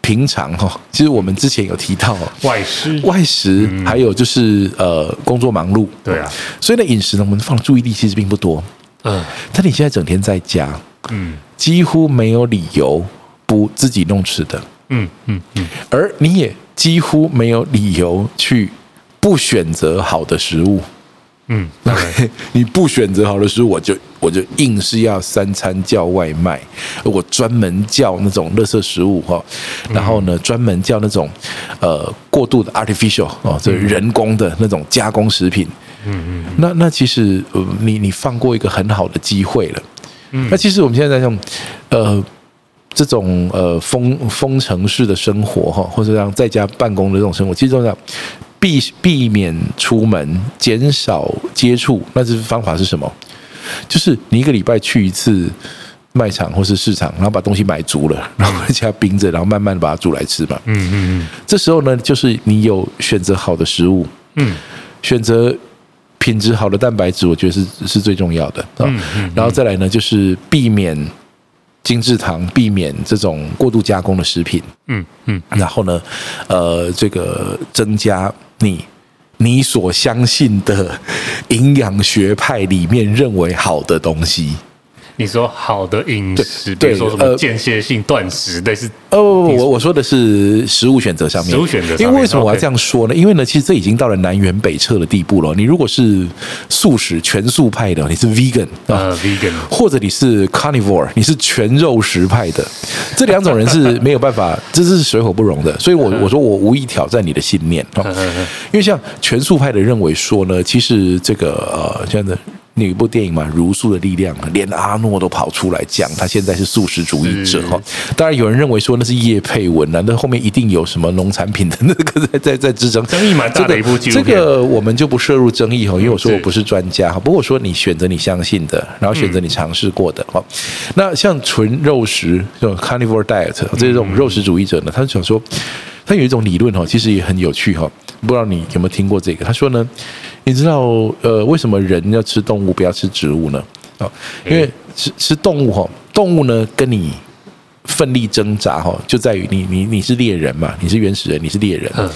Speaker 2: 平常哈，其實我們之前有提到外食，外食，還有就是、嗯、呃工作忙碌，對啊，所以呢，飲食呢，我們放注意力其實並不多。嗯，但你現在整天在家，嗯，幾乎沒有理由。不自己弄吃的，嗯嗯嗯，而你也幾乎沒有理由去不選擇好的食物，
Speaker 3: 嗯，
Speaker 2: 你不選擇好的食物，我就我就硬是要三餐叫外賣，我專門叫那種垃圾食物哈，然後呢，專門叫那種呃過度的 artificial 哦，這人工的那種加工食品，嗯嗯，那那其實你你放過一個很好的機會了，嗯，那其實我們現在在用呃。這種呃封封城式的生活哈，或者讓在家辦公的這種生活，其實就是這樣避避免出門，減少接觸。那這方法是什麼？就是你一個禮拜去一次賣場或是市場，然後把東西買足了，然後在家冰着，然後慢慢把它煮來吃嘛。嗯嗯嗯。這時候呢，就是你有選擇好的食物，
Speaker 3: 嗯，
Speaker 2: 選擇品質好的蛋白質，我覺得是是最重要的啊。然後再來呢，就是避免。精製糖，避免這種過度加工的食品，嗯。嗯嗯，然後呢，呃，這個增加你你所相信的營養學派裡面認為好的東西。
Speaker 1: 你說好的飲食對，對，
Speaker 2: 說什麼間歇性斷食？對、呃、是哦，我說我說的是食物選擇上面，食物選擇上面。因為為什麼我要這樣說呢？Okay 因為呢，其實這已經到了南轅北轍的地步了。你如果是素食全素派的，你是 vegan、uh, vegan 啊 vegan，或者你是 carnivore，你是全肉食派的，這兩種人是沒有辦法， [laughs] 這是水火不容的。所以我，我我說我無意挑戰你的信念， [laughs] 因為像全素派的認為說呢，其實這個呃，這樣子。有一部電影嘛，《茹素的力量》，連阿諾都跑出來講，他現在是素食主義者。是當然，有人認為說那是業配文，啊，那後面一定有什麼農產品的那個在在在支撐，爭議蠻大的一部紀錄片。這個我們就不涉入爭議哈，因為我說我不是專家哈，是不過我說你選擇你相信的，然後選擇你嘗試過的哈。嗯、那像純肉食這種 carnivore diet，這種肉食主義者呢，他就想說他有一種理論哈，其實也很有趣哈。不知道你有沒有聽過這個？他說呢，你知道呃，為什麼人要吃動物，不要吃植物呢？啊、嗯，因為吃吃動物哈，動物呢跟你奮力掙扎哈，就在於你你你是獵人嘛，你是原始人，你是獵人。嗯、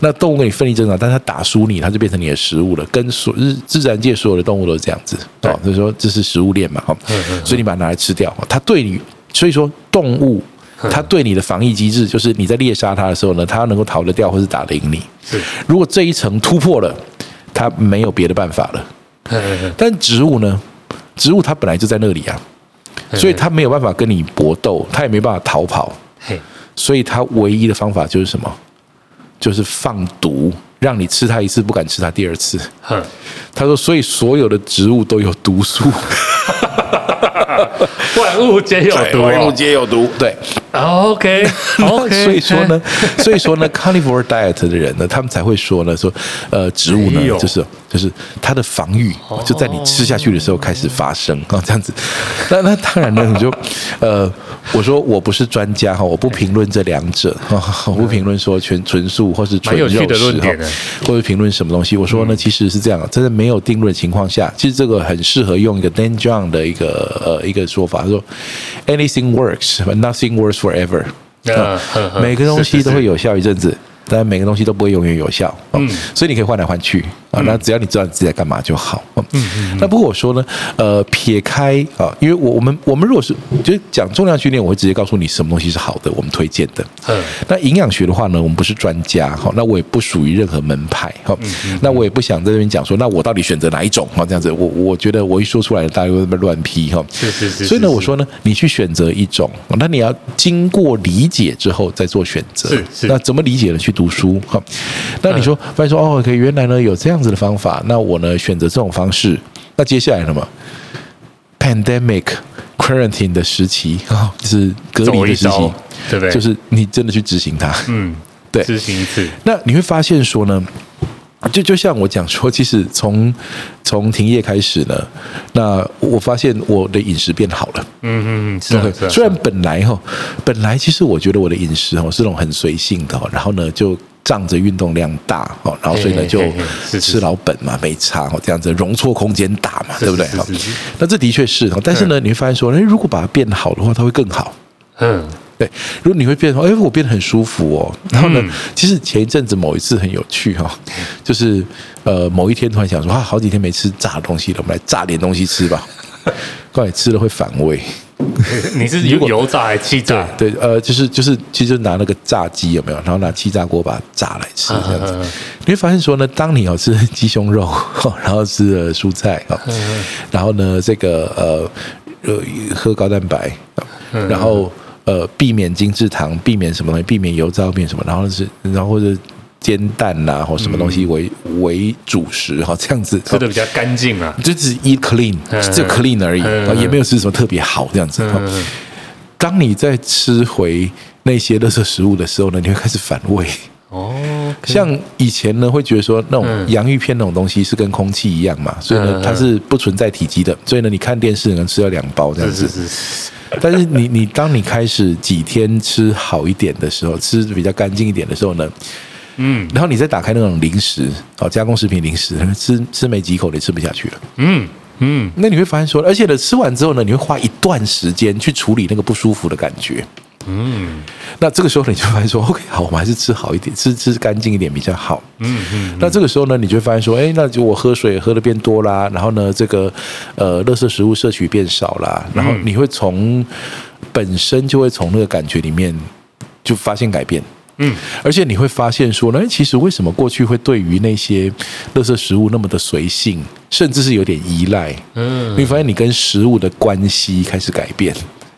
Speaker 2: 那動物跟你奮力掙扎，但是它打輸你，它就變成你的食物了。跟所日自然界所有的動物都是這樣子哦，所以、嗯、說這是食物鏈嘛。哈、嗯，所以你把它拿來吃掉。它對你，所以說動物。他對你的防御機制，就是你在獵殺他的時候呢，他能夠逃得掉或是打得贏你。如果這一層突破了，他沒有別的辦法了。但植物呢？植物它本來就在那裡啊，所以它沒有辦法跟你搏鬥，它也沒辦法逃跑。所以它唯一的方法就是什麼？就是放毒，讓你吃它一次，不敢吃它第二次。他說，所以所有的植物都有毒素 [laughs] 萬物皆有毒哦。萬物皆有毒，萬物皆有毒，對。Oh, OK，o、okay, okay. k [laughs] 所以說呢，所以說呢，carnivore diet 的人呢，他們才會說呢，說呃，植物呢，就是就是它的防禦就在你吃下去的時候開始發生啊，這樣子。那那當然呢，你就呃，我說我不是專家哈，我不評論這兩者，我不評論說全純素或是純肉食哈，的或者評論什麼東西。我說呢，其實是這樣，真的沒有定論的情況下，其實這個很適合用一個 Dan John 的一個呃一個說法，說 Anything works，but nothing works，Forever，每個東西都會有效一陣子，但每個東西都不會永遠有效。嗯，所以你可以換來換去。啊，那只要你知道你自己在幹嘛就好。嗯嗯。那不過我說呢，呃，撇開啊，因為我我們我們如果是就是、講重量訓練，我會直接告訴你什麼東西是好的，我們推薦的。嗯。那營養學的話呢，我們不是專家哈，那我也不屬於任何門派哈、嗯。嗯嗯。那我也不想在這邊講說，那我到底選擇哪一種啊？這樣子，我我覺得我一說出來的，大家會被亂批哈。是是是。所以呢，我說呢，你去選擇一種，那你要經過理解之後再做選擇。是是。是那怎麼理解呢？去讀書哈。那你說，發現、嗯、說哦，可以，原來呢有這樣。的方法，那我呢，選擇這種方式，那接下來什麼 Pandemic quarantine 的時期啊、哦，就是隔離的時期，對不對？就是你真的去執行它，嗯，對，執行一次。那你會發現說呢，就就像我講說，其實從從停業開始呢，那我發現我的飲食變好
Speaker 3: 了，嗯嗯，嗯，雖然
Speaker 2: 本來哈、哦，本來其實我覺得我的飲食哦是那種很隨性的，然後呢就。仗着運動量大哦，然後所以呢就吃老本嘛，沒差哦，這樣子容錯空間大嘛，對不對？是是是是是好，那這的確是，但是呢，你會發現說，誒，如果把它變好的話，它會更好。嗯，對，如果你會變說，哎、欸，我變得很舒服哦，然後呢，嗯、其實前一陣子某一次很有趣哈，就是呃某一天突然想說，啊，好幾天沒吃炸的東西了，我們來炸點東西吃吧，怪吃了會反胃。
Speaker 1: [laughs] 你是油炸還是氣炸
Speaker 2: 對？對，呃，就是就是，其實就拿那個炸雞有沒有？然後拿氣炸鍋把它炸來吃這樣子，啊、你會發現說呢，當你有吃雞胸肉，然後吃了蔬菜啊，然後呢，這個呃呃喝高蛋白，然後呃避免精制糖，避免什麼呢？避免油炸變什麼，然後是然後或者。煎蛋吶、啊，或什麼東西為為主食哈，這樣子吃得比較乾淨啊，就只 eat clean，嗯、就 clean 而已，嗯、也沒有吃什麼特別好這樣子。嗯、當你在吃回那些垃圾食物的時候呢，你會開始反胃哦。
Speaker 3: 以像
Speaker 2: 以前呢，會覺得說那種洋芋片那種東西是跟空氣一樣嘛，嗯、所以呢，它是不存在體積的。所以呢，你看電視能吃到兩包這樣子。是是是，但是你你當你開始幾天吃好一點的時候， [laughs] 吃比較乾淨一點的時候呢，嗯，然後你再打開那種零食，哦，加工食品零食，吃吃沒幾口你吃不下去了。嗯嗯，嗯那你會發現說，而且呢，吃完之後呢，你會花一段時間去處理那個不舒服的感覺。
Speaker 3: 嗯，
Speaker 2: 那這個時候你就發現說，OK，好，我們還是吃好一點，吃吃乾淨一點比較好。嗯嗯，嗯那這個時候呢，你就會發現說，哎、欸，那就我喝水喝的變多啦，然後呢，這個呃，垃圾食物攝取變少啦，然後你會從本身就會從那個感覺裡面就發現改變。嗯，而且你會發現說呢，其實為什麼過去會對於那些垃圾食物那麼的隨性，甚至是有點依賴？嗯，你會發現你跟食物的關係開始改變。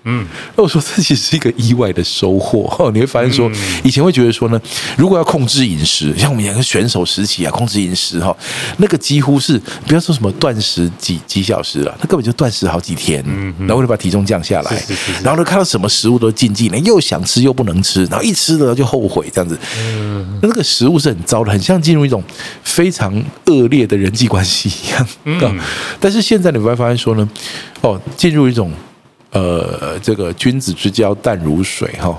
Speaker 2: 嗯，那我說這其實是一個意外的收穫哈，你會發現說，以前會覺得說呢，如果要控制飲食，像我們兩個選手時期啊，控制飲食哈，那個幾乎是不要說什麼斷食幾幾小時了，他根本就斷食好幾天，嗯，然後為了把體重降下來，然後呢看到什麼食物都禁忌，又想吃又不能吃，然後一吃了就後悔這樣子，嗯，那個食物是很糟的，很像進入一種非常惡劣的人際關係一樣，嗯，但是現在你會發現說呢，哦，進入一種。呃，這個君子之交淡如水哈、哦，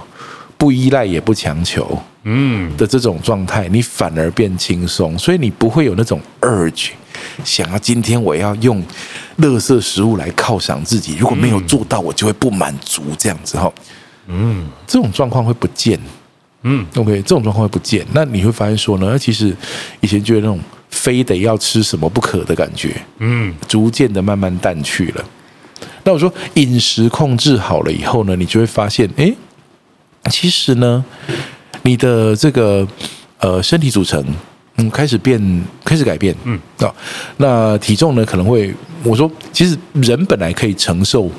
Speaker 2: 不依賴也不強求，嗯的這種狀態，你反而變輕鬆，所以你不會有那種 urge 想要今天我要用垃圾食物來犒賞自己，如果沒有做到，我就會不滿足這樣子哈，嗯、哦，這種狀況會不見，嗯，OK，這種狀況會不見，那你會發現說呢，其實以前覺得那種非得要吃什麼不可的感覺，嗯，逐漸的慢慢淡去了。那我說飲食控制好了以後呢，你就會發現，誒，其實呢，你的這個呃身體組成，嗯，開始變，開始改變，嗯，啊，那體重呢可能會，我說其實人本來可以承受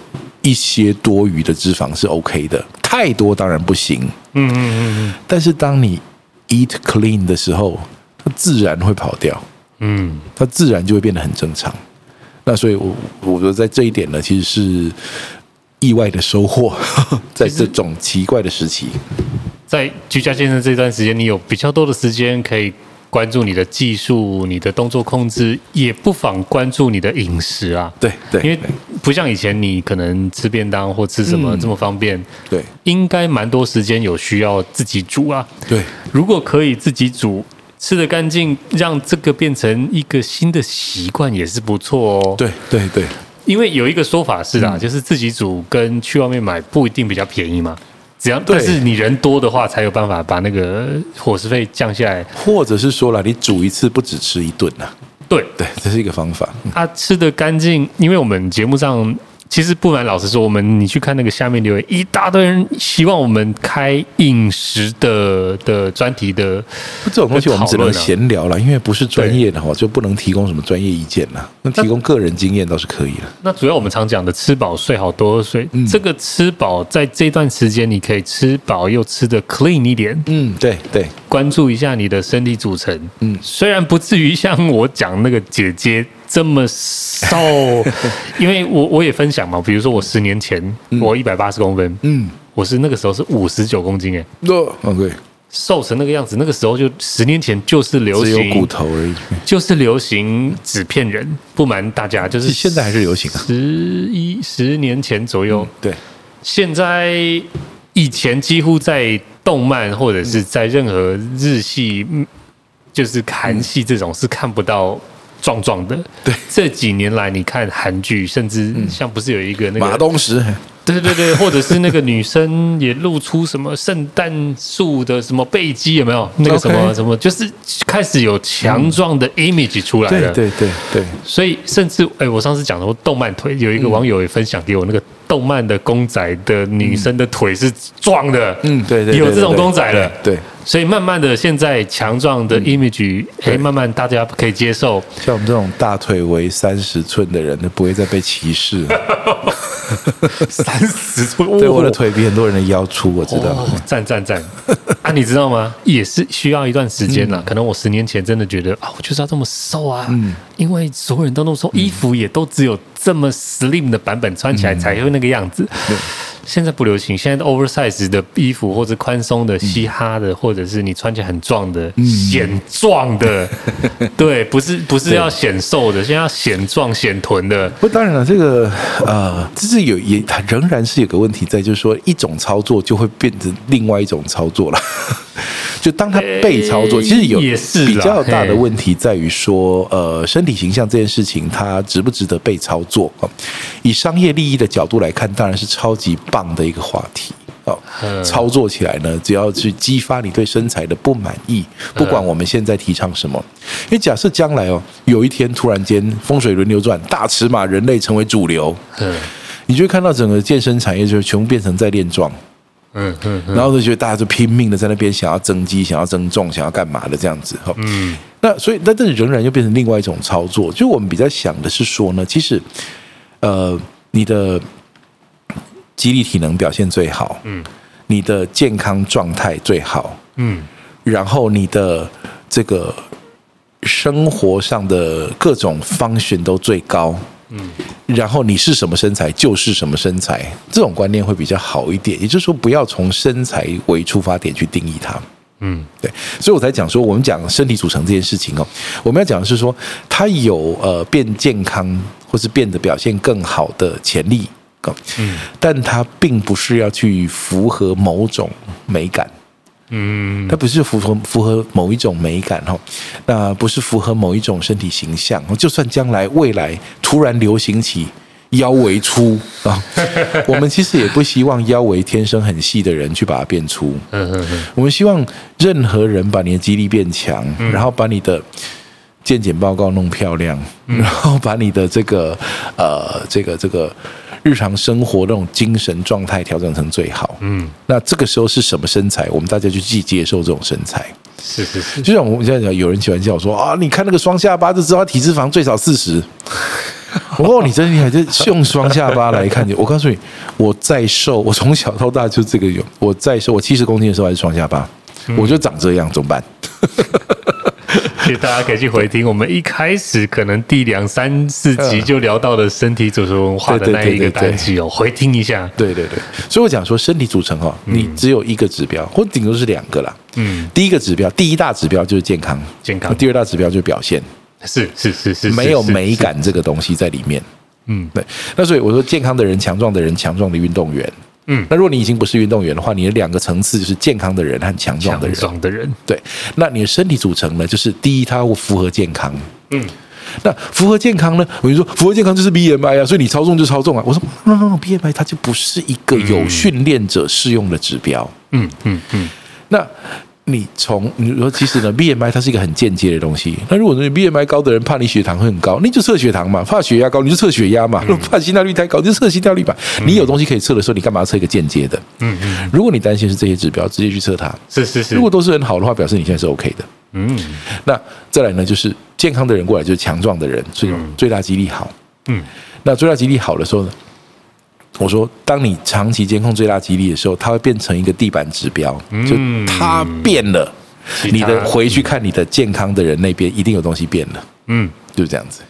Speaker 2: 一些多餘的脂肪是 OK 的，太多當然不行，嗯嗯嗯嗯，但是當你 eat clean 的時候，它自然會跑掉，嗯，它自然就會變得很正常。那所以，我我覺得在這一點呢，其實是意外的收穫。在這種奇怪的時期，在居家健身這
Speaker 1: 段時間，你有比較多的時間可以關注你的技術、你的動作控制，也不妨關注你的飲食啊。對，對，因為不像以前，你可能吃便當或吃什麼這麼方便。對，應該蠻多時間有需要自己煮啊。對，如果可以自己煮。吃得乾淨，讓這個變成一個新的習慣也是不錯哦。對對對，對對，因為有一個說法是啊，嗯、就是自己煮跟去外面買不一定比較便宜嘛。只要對但是你人多的話，才有辦法把那個伙食費降下來。或者是說了，你煮
Speaker 2: 一次不止吃一頓啊。對對，這是一個方法。
Speaker 1: 他、嗯啊、吃得乾淨，因為我們節目上。其實不瞞，老實說，我們你去看那個下面留言，一大堆人希望我們開飲食的的專題的，不過這種東西我們只能閒聊
Speaker 2: 了，因為不是專業的哈，就不能提供什麼專業意見了。那提供個人經驗倒是可以了那。
Speaker 1: 那主要我們常講的吃飽睡好多喝水，這個吃飽在這段時間你可以吃飽又吃得 clean 一點。嗯，對對，關注一下你的身體組成。嗯，雖然不至於像我講那個姐姐這麼瘦，因為我我也分享嘛。比如說，我十年前我一百八十公分，嗯，我是那個時候是五十九公斤，哎那很貴瘦成那個樣子，那個時候就十年前就是流行骨頭而已，就是流行紙片人。不瞞大家，就是現在還是流行啊，十一十年前左右，對，現在以前幾乎在動漫或者是在任何日系，就是韓系這種是看不到。壯壯的，對，這幾年來你看韓劇，甚至像不是有一個那個、嗯。馬東石。對對對，或者是那個女生，也露出什麼聖誕樹的什麼背肌有沒有？那個什麼 Okay. 什麼，就是開始有強壯的 image 出來了。嗯、對對對對，所以甚至哎、欸，我上次講的我動漫腿，有一個網友也分享給我，那個動漫的公仔的女生的腿是壯的。嗯，
Speaker 2: 對對，有這種公仔了。嗯、對，對，對，對，對，
Speaker 1: 對，對對對，所以慢慢的現在強壯的 image，哎、嗯欸，慢慢大家可以接受，
Speaker 2: 像我們這種大腿圍三十寸的人，都不會再被歧視。 [laughs] [laughs] 對，我的腿比很多人的腰粗，我知道。
Speaker 1: 讚讚讚！啊，你知道嗎？ [laughs] 也是需要一段時間啦。嗯、可能我十年前真的覺得啊，我就是要這麼瘦啊，嗯、因為所有人都那麼瘦，嗯、衣服也都只有這麼 slim 的版本穿起來，才會那個樣子。嗯嗯對現在不流行，現在 oversize 的衣服或者寬鬆的嘻哈的，嗯、或者是你穿起來很壯的顯壯的，對，不是不是要顯瘦的，現在要顯壯顯臀的。
Speaker 2: 不，當然了，這個呃，這是有也仍然是有個問題在，就是說一種操作就會變成另外一種操作了。就當他被操作，其實有比較大的問題在於說，呃，身體形象這件事情，它值不值得被操作。以商業利益的角度來看，當然是超級棒的一個話題。操作起來呢，只要去激發你對身材的不滿意，不管我們現在提倡什麼，因為假設將來哦，有一天突然間風水輪流轉，大尺碼人類成為主流，對，你就會看到整個健身產業就全部變成在練壯。嗯，然後就覺得大家就拼命的在那邊想要增肌，想要增重，想要幹嘛的這樣子，哈，嗯，那所以那這仍然又變成另外一種操作。就我們比較想的是說呢，其實，呃，你的肌力體能表現最好，嗯，你的健康狀態最好，嗯，然後你的這個生活上的各種 function 都最高。嗯，然後你是什麼身材就是什麼身材，這種觀念會比較好一點。也就是說，不要從身材為出發點去定義它。嗯，對，所以我才講說，我們講身體組成這件事情哦，我們要講的是說，它有呃變健康或是變得表現更好的潛力。哦、嗯，但它並不是要去符合某種美感。嗯，它不是符合符合某一種美感哈、哦，那不是符合某一種身體形象。就算將來未來突然流行起腰圍粗啊，哦、 [laughs] 我們其實也不希望腰圍天生很細的人去把它變粗。嗯嗯嗯，我們希望任何人把你的肌力變強，嗯、然後把你的。健檢報告弄漂亮，然後把你的這個呃，這個這個日常生活那種精神狀態調整成最好。嗯，那這個時候是什麼身材？我們大家就去接受這種身材。是是是，就像我們現在講，有人喜歡叫我說啊、哦，你看那個雙下巴就知道體脂肪最少四十。 [laughs] 哦，你真厲害，是用雙下巴來看你。我告訴你，我再瘦，我從小到大就這個樣。我再瘦，我七十公斤的時候還是雙下巴，我就長這樣，怎麼辦？嗯 [laughs]
Speaker 1: 大家可以去回聽，我們一開始可能第兩三四集就聊到了身體組成文化的那一個單集哦，回
Speaker 2: 聽一下。對對對，對，所以我講說身體組成哦，你只有一個指標，嗯、或頂多是兩個啦。嗯，第一個指標，第一大指標就是健康，健康；第二大指標就是表現，健康啊、是是是是，沒有美感這個東西在裡面。嗯，對。那所以我說，健康的人、強壯的人、強壯的運動員。嗯，那如果你已經不是運動員的話，你的兩個層次就是健康的人和強壯的人。強壯的人，對，那你的身體組成呢？就是第一，它符合健康。嗯，那符合健康呢？我就說符合健康就是 BMI 啊，所以你超重就超重啊。我說，那、嗯、那、嗯嗯、BMI 它就不是一個有訓練者適用的指標。嗯嗯嗯，嗯嗯那。你從你說其實呢，B M I 它是一個很間接的東西。那如果說 B M I 高的人怕你血糖會很高，那就測血糖嘛；怕血壓高，你就測血壓嘛；怕心跳率太高，你就測心跳率吧。你有東西可以測的時候，你幹嘛測一個間接的？嗯嗯。嗯如果你擔心是這些指標，直接去測它。是是是。如果都是很好的話，表示你現在是 OK 的。嗯。那再來呢，就是健康的人過來就是強壯的人，所以最大肌力好。嗯。那最大肌力好的時候呢？我說，當你長期監控最大肌力的時候，它會變成一個地板指標。嗯、就它變了，他你的回去看你的健康的人那邊一定有東西變了。嗯，就是這樣子。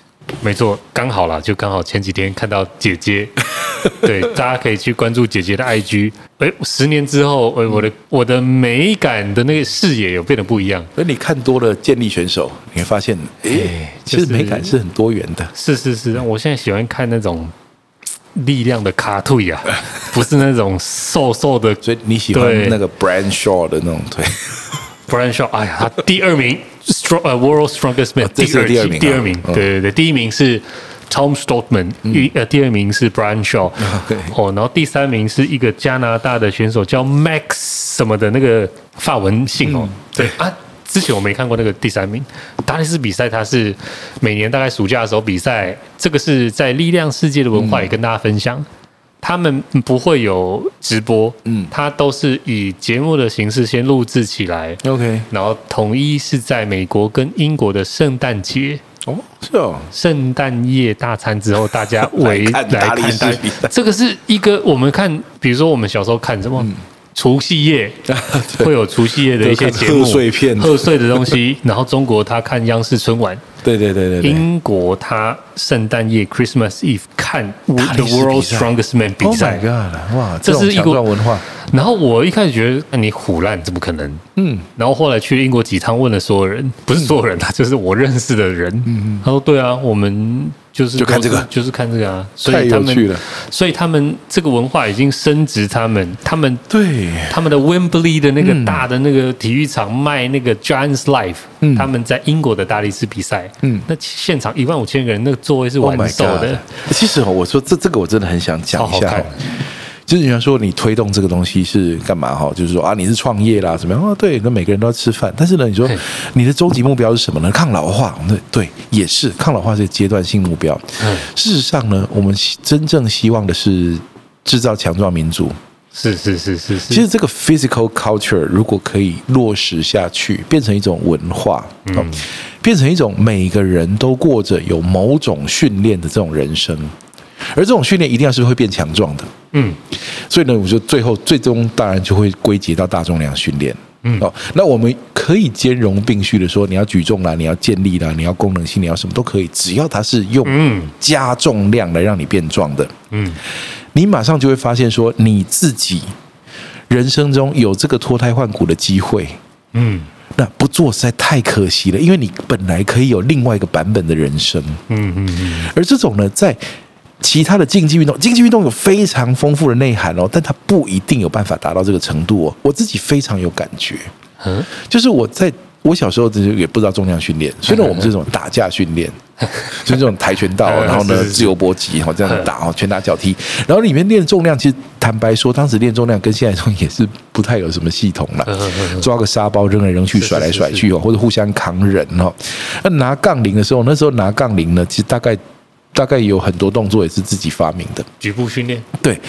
Speaker 1: 沒錯，剛好啦，就剛好前幾天看到姐姐， [laughs] 對，大家可以去關注姐姐的 IG。哎，十年之後，哎，我的、
Speaker 2: 嗯、我的美感的那個視野有變得不一樣。哎，你看多了健力選手，你會發現，哎，其實美感是
Speaker 1: 很多元的。就是、是是是，我現在喜歡看那種。力量的卡腿呀，啊，不是那種瘦瘦的。 [laughs] 對 所以你喜歡那個
Speaker 2: Brand Shaw 的那種腿 [laughs]
Speaker 1: ，Brand Shaw，哎呀，他第二名，Strong 呃 World's Strongest Man，哦、這是第二名，啊，第二名，對對對，第一名是 Tom Stoltman，呃、嗯、第二名是 Brand
Speaker 2: Shaw，Okay
Speaker 1: 哦，然後第三名是一個加拿大的選手叫 Max 什麼的那個法文姓哦，嗯、對啊。之前我沒看過那個第三名大力士比賽，它是每年大概暑假的時候比賽。這個是在力量世界的文化也、嗯、跟大家分享，他們不會有直播，嗯，它都是以節目的形式先錄制起來，OK，然後統一是在美國跟英國的聖誕節哦，是哦，聖誕夜大餐之後大家圍來看大力士比賽，這個是一個我們看，比如說我們小時候看什麼。除夕夜 [laughs] 對會有除夕夜的一些節目，賀歲片、賀歲的東西。 [laughs] 然後中國他看央視春晚。對對對對，對，英國他聖誕夜 Christmas Eve 看 The World's Strongest Man 比賽，oh my，God，
Speaker 2: 哇，這，這是一個文
Speaker 1: 化。然後我一開始覺得你虎爛，怎麼可能？嗯。然後後來去英國幾趟，問了所有人，不是、嗯、所有人他、啊、就是我認識的人。嗯嗯。他說：“對啊，我們就是就看這個就，就是看這個啊。”太有趣了。所以他們所以他們，所以他們這個文化已經升值，他們他們對他們的 Wembley 的那個、嗯、大的那個體育場賣那個 Giant's Life。他們在英國的大力士比賽，嗯，那現場一萬五千個人，那個座位是我買走
Speaker 2: 的。Oh，my 其實我說這這個我真的很想講一下，好就是你要說你推動這個東西是幹嘛哈？就是說啊，你是創業啦，怎麼樣啊？對，那每個人都要吃飯。但是呢，你說你的終極目標是什麼呢？抗老化，那對，對，也是抗老化是階段性目標。事實上呢，我們真正希望的是製造強壯民族。是是是是是，其實這個 physical culture 如果可以落實下去，變成一種文化，嗯，變成一種每個人都過着有某種訓練的這種人生，而這種訓練一定要是會變強壯的，
Speaker 3: 嗯，
Speaker 2: 所以呢，我覺得最後最終當然就會歸結到大重量訓練。哦，那我們可以兼容並蓄的說，你要舉重啦，你要健力啦，你要功能性，你要什麼都可以，只要它是用加重量來讓你變壯的，嗯，你馬上就會發現說你自己人生中有這個脫胎換骨的機會，嗯，那不做實在太可惜了，因為你本來可以有另外一個版本的人生，嗯嗯，而這種呢，在。其他的競技運動，競技運動有非常豐富的內涵哦，但它不一定有辦法達到這個程度哦。我自己非常有感覺，嗯，就是我在我小時候其實也不知道重量訓練，雖然我們這種打架訓練，嗯、就是這種跆拳道，嗯、然後呢是是是自由搏擊，然後這樣打哦，拳打腳踢，然後裡面練的重量，其實坦白說，當時練重量跟現在說也是不太有什麼系統了，抓個沙包扔來扔去，是是是是甩來甩去哦，或者互相扛人哦。那拿槓鈴的時候，那時候拿槓鈴呢，其實大概。大概有很多動作也是自己發明的，
Speaker 1: 局部訓練
Speaker 2: 對，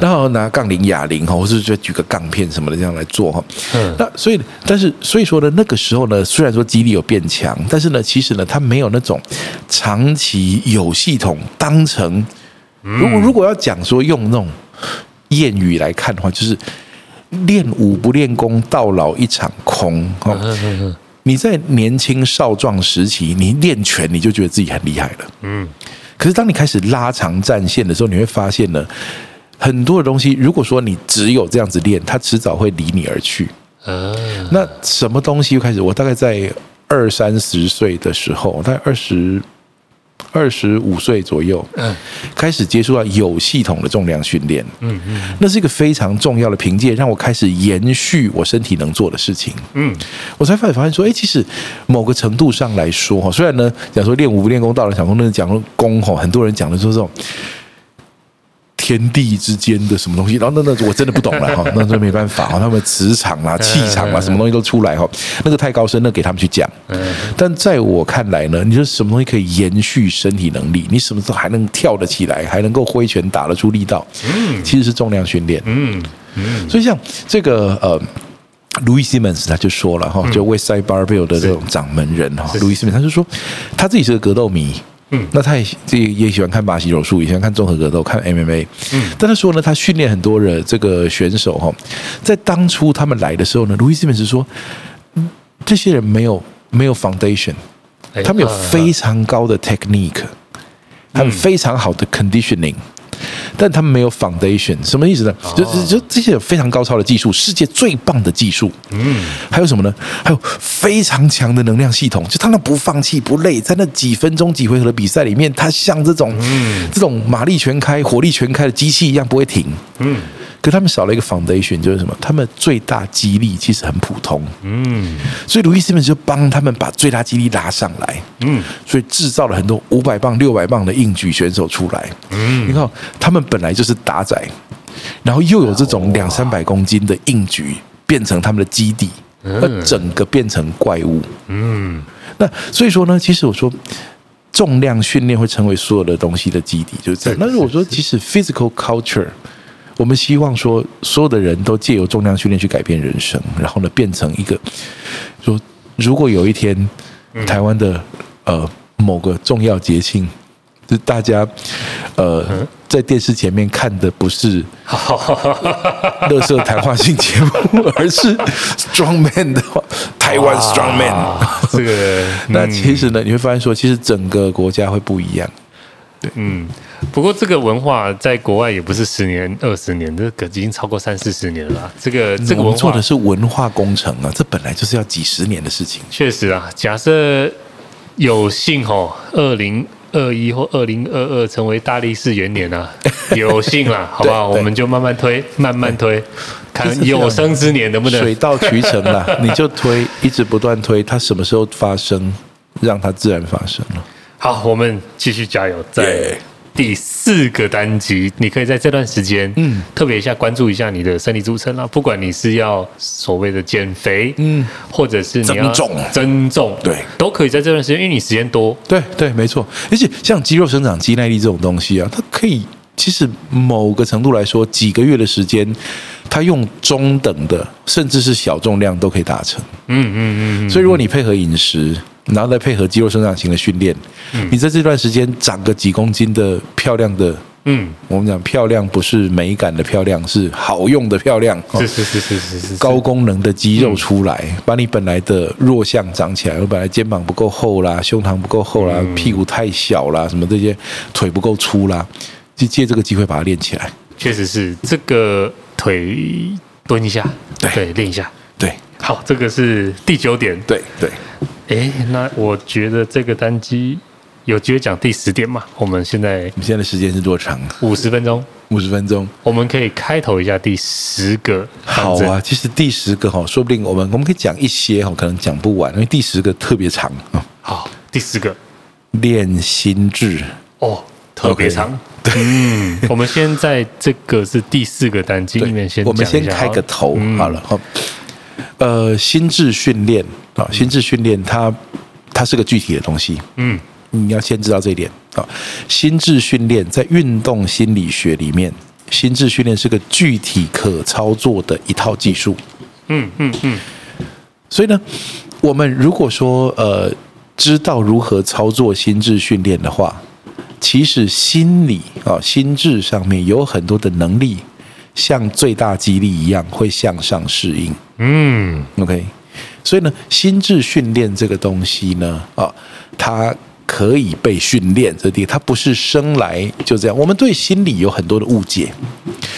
Speaker 2: 然後拿槓鈴、啞鈴哈，或者是舉個槓片什麼的這樣來做哈。嗯那，那所以，但是所以說呢，那個時候呢，雖然說肌力有變強，但是呢，其實呢，他沒有那種長期有系統當成。如果如果要講說用那種諺語來看的話，就是練武不練功，到老一場空。哈、哦，你在年輕少壯時期，你練拳，你就覺得自己很厲害
Speaker 3: 了。
Speaker 2: 嗯。可是，當你開始拉長戰線的時候，你會發現呢，很多的東西，如果說你只有這樣子練，它遲早會離你而去。嗯，oh. 那什麼東西又開始？我大概在二三十歲的時候，大概二十。二十五歲左右，嗯，開始接觸到有系統的重量訓練，嗯嗯哼，那是一個非常重要的憑借，讓我開始延續我身體能做的事情，嗯，我才發發現說，哎、欸，其實某個程度上來說，雖然呢，假如說練武不練功，到了想功，那講功，很多人講的說這種。天地之間的什麼東西？然後那那我真的不懂了哈， [laughs] 那那沒辦法他們磁場啦、氣場啦、啊，什麼東西都出來哈。那個太高深，那給他們去講。但在我看來呢，你說什麼東西可以延續身體能力？你什麼時候還能跳得起來，還能夠揮拳打得出力道？嗯。其實是重量訓練。嗯嗯。所以像這個呃，Louie Simmons 他就說了哈，就 Westside Barbell 的這種掌門人哈，Louie Simmons 他就說，他自己是個格鬥迷。嗯、那他也也喜歡看巴西柔術，也喜歡看綜合格鬥，看 MMA。嗯，但他說呢，他訓練很多的這個選手哈，在當初他們來的時候呢，Louie Simmons 說、嗯，這些人沒有沒有 foundation，欸、
Speaker 1: 他們有非
Speaker 2: 常高的 technique，嗯、他們非常好的 conditioning。但他們沒有 foundation，什麼意思呢？Oh. 就就這些有非常高超的技術，世界最棒的技術。嗯，還有什麼呢？還有非常強的能量系統，就他們不放棄、不累，在那幾分鐘幾回合的比賽裡面，他像這種，oh. 這種馬力全開、火力全開的機器一樣，不會停。嗯。Oh. 可他們少了一個 foundation，就是什麼？他們最大肌力其實很普通。嗯，所以 Louie Simmons 就幫他們把最大肌力拉上來。嗯，所以製造了很多五百磅、六百磅的硬舉選手出來。嗯，你看他們本來就是打仔，然後又有這種兩三百公斤的硬舉變成他們的基底，而整個變成怪物。嗯，那所以說呢，其實我說重量訓練會成為所有的東西的基底，就是這樣。那如果說，其實 physical culture。我們希望說，所有的人都借由重量訓練去改變人生，然後呢，變成一個說，如果有一天，台灣的呃某個重要節慶，就大家呃在電視前面看的不是哈哈哈哈哈垃圾談話性節目，而是 Strong Man 的話，台灣 Strong Man。哦，對，嗯， [laughs] 那其實呢，你會發現說，其實整個國家會不一樣，對，嗯。
Speaker 1: 不過這個文化在國外也不是十年二十年，這個已經超過三四十年了。這個這個文化我們做的是
Speaker 2: 文化工程啊，這本來就是要幾十年的事情。
Speaker 1: 確實啊，假設有幸哦，二零二一或二零二二成為大力士元年啊，有幸了，好不好？ [laughs] 對我們就慢慢推，慢慢推，看有生之年這這能不能水到渠成吧。 [laughs] 你就
Speaker 2: 推，一直不斷推，它什麼時候發生，讓它自然發生啊。
Speaker 1: 好，我們繼續加油，再。Yeah. 第四個單集，你可以在這段時間，嗯，特別一下關注一下你的身體組成啊，不管你是要所謂的減肥，嗯，或者是增重，增重，對，都可以在這段時間，因為
Speaker 2: 你時間多。對對，沒錯。而且像肌肉生長、肌耐力這種東西啊，它可以，其實某個程度來說，幾個月的時間，它用中等的，甚至是小重量都可以達成。嗯嗯嗯嗯，嗯嗯，所以如果你配合飲食。嗯然後再配合肌肉生長型的訓練，你在這段時間長個幾公斤的漂亮的，嗯，我們講漂亮不是美感的漂亮，是好用的漂亮，是是是是是是高功能的肌肉出來，把你本來的弱項長起來。我本來肩膀不夠厚啦，胸膛不夠厚啦，屁股太小啦，什麼這些腿不夠粗啦，就借這個機會把它練起來。
Speaker 1: 確實是這個腿蹲一下，對，對，練一下，對，好，這個是第九點，對對。哎，那我覺得這個單機有機會講第十點嗎？我們現在，我們現在的時間是多長？五十分鐘，
Speaker 2: 五十分鐘。我
Speaker 1: 們可以開頭一下第十個。
Speaker 2: 好啊，其實第十個哈，說不定我們我們可以講一些哈，可能講不完，因為第十個特別長啊。好，第十個練心智
Speaker 1: 哦，特別長。
Speaker 2: Okay, 對嗯，我們現在這個是第四個單機對裡面先，先我們先開個頭、嗯、好了。好。呃，心智訓練啊，心智訓練它它是個具體的東西，嗯，你要先知道這一點啊、哦。心智訓練在運動心理學裡面，心智訓練是個具體可操作的一套技術，嗯嗯嗯。嗯
Speaker 3: 嗯
Speaker 2: 所以呢，我們如果說呃，知道如何操作心智訓練的話，其實心理啊、哦，心智上面有很多的能力，像最大肌力一樣，會向上適應。嗯，OK，所以呢，心智訓練這個東西呢，啊，它可以被訓練，這地它不是生來就這樣。我們對心理有很多的誤解，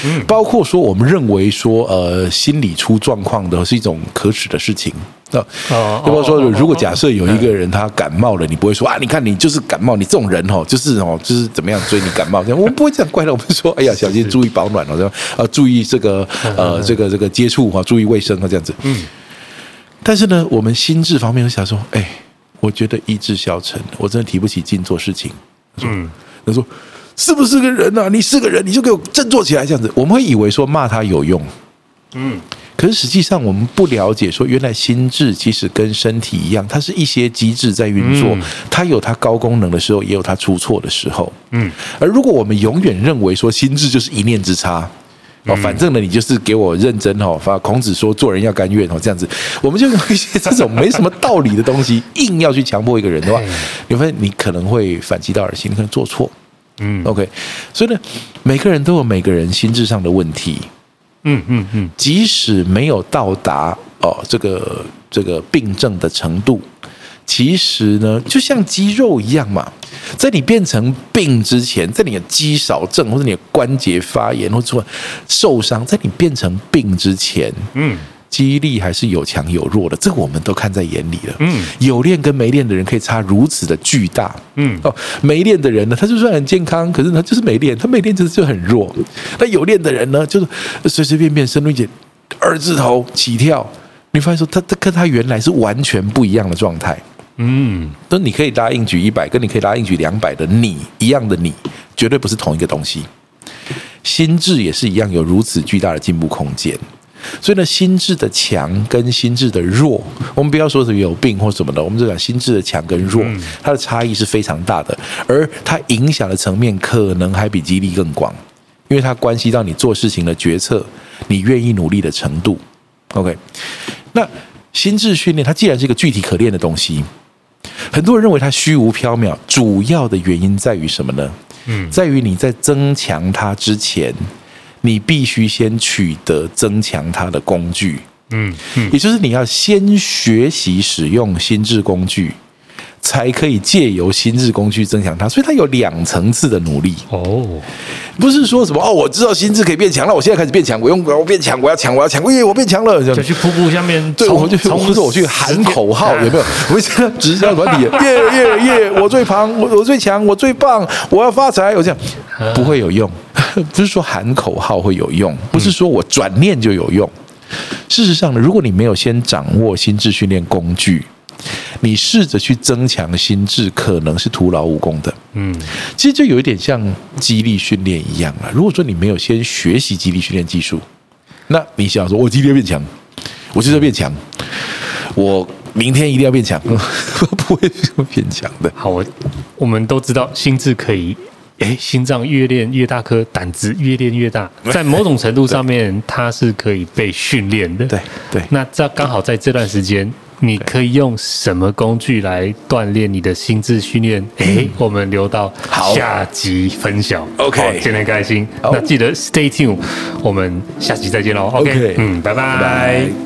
Speaker 2: 嗯、包括說我們認為說呃心理出狀況的是一種可恥的事情啊。哦、就包括說、哦哦、如果假設有一個人他感冒了，嗯、你不會說啊，你看你就是感冒，你這種人哦，就是哦，就是怎麼樣追你感冒？ [laughs] 我們不會這樣怪他，我們說哎呀，小心注意保暖哦，要是是、啊、注意這個呃、嗯、這個這個接觸啊，注意衛生啊，這樣子。嗯。但是呢，我們心智方面我想說，哎、欸。我覺得意志消沉，我真的提不起勁做事情。嗯，他說：“嗯、是不是個人吶、啊？你是個人，你就給我振作起來。”這樣子，我們會以為說罵他有用。
Speaker 3: 嗯，
Speaker 2: 可是實際上我們不了解，說原來心智其實跟身體一樣，它是一些機制在運作，它有它高功能的時候，也有它出錯的時候。嗯，而如果我們永遠認為說心智就是一念之差。哦，反正呢，你就是給我認真哦，發孔子說，做人要甘願哦，這樣子，我們就用一些這種沒什麼道理的東西， [laughs] 硬要去強迫一個人的話，你會發現你可能會反擊到耳心反其道而行，你可能做錯。嗯，OK。所以呢，每個人都有每個人心智上的問題。
Speaker 3: 嗯嗯嗯，
Speaker 2: 嗯嗯即使沒有到達哦這個這個病症的程度。其實呢，就像肌肉一樣嘛，在你變成病之前，在你的肌少症或者你的關節發炎或者說受傷，在你變成病之前，嗯，肌力還是有強有弱的，這個我們都看在眼裡了。嗯，有練跟沒練的人可以差如此的巨大。嗯，哦，沒練的人呢，他就算很健康，可是他就是沒練，他沒練就就很弱。那有練的人呢，就是隨隨便便深蹲一點二字頭起跳，你發現說他他跟他原來是完全不一樣的狀態。嗯，都你可以拉硬舉一百，跟你可以拉硬舉兩百的你一樣的你，絕對不是同一個東西。心智也是一樣，有如此巨大的進步空間。所以呢，心智的強跟心智的弱，我們不要說什麼有病或什麼的，我們就講心智的強跟弱，它的差異是非常大的，而它影響的層面可能還比肌力更廣，因為它關係到你做事情的決策，你願意努力的程度。OK，那心智訓練它既然是一個具體可練的東西。很多人認為它虛無縹緲，主要的原因在於什麼呢？嗯，在於你在增強它之前，你必須先取得增強它的工具。嗯嗯，也就是你要先學習使用心智工具。才可以借由心智工具增強它，所以它有兩層次的努力。哦，不是說什麼哦，我知道心智可以變強，那我現在開始變強，我用我變強，我要強，我要強，我耶，我變強了，就去瀑布下面，對，我就沖着我，我去喊口號，有沒有？我一直在團體，耶耶耶，我最棒，我我最強，我最棒，我要發財，我這樣不會有用，不是說喊口號會有用，不是說我轉念就有用。事實上呢，如果你沒有先掌握心智訓練工具，你試着去增強心智，可能是徒勞無功的。嗯，其實就有一點像肌力訓練一樣啊。如果說你沒有先學習肌力訓練技術，那你想說“我肌力變強，我肌在變強，我明天一定要變強”，我不會變強
Speaker 1: 的。好，我我們都知道，心智可以，哎，心臟越練越大顆，膽子越練越大，在某種程度上面，它是可以被訓練的。對對，那這剛好在這段時間。你可以用什麼工具來鍛鍊你的心智訓練？哎、欸，我們留到下集分享。OK，、oh, 今天開心，oh. 那記得 Stay tuned，我們下集再見嘍。OK，, okay. 嗯，拜拜。Bye bye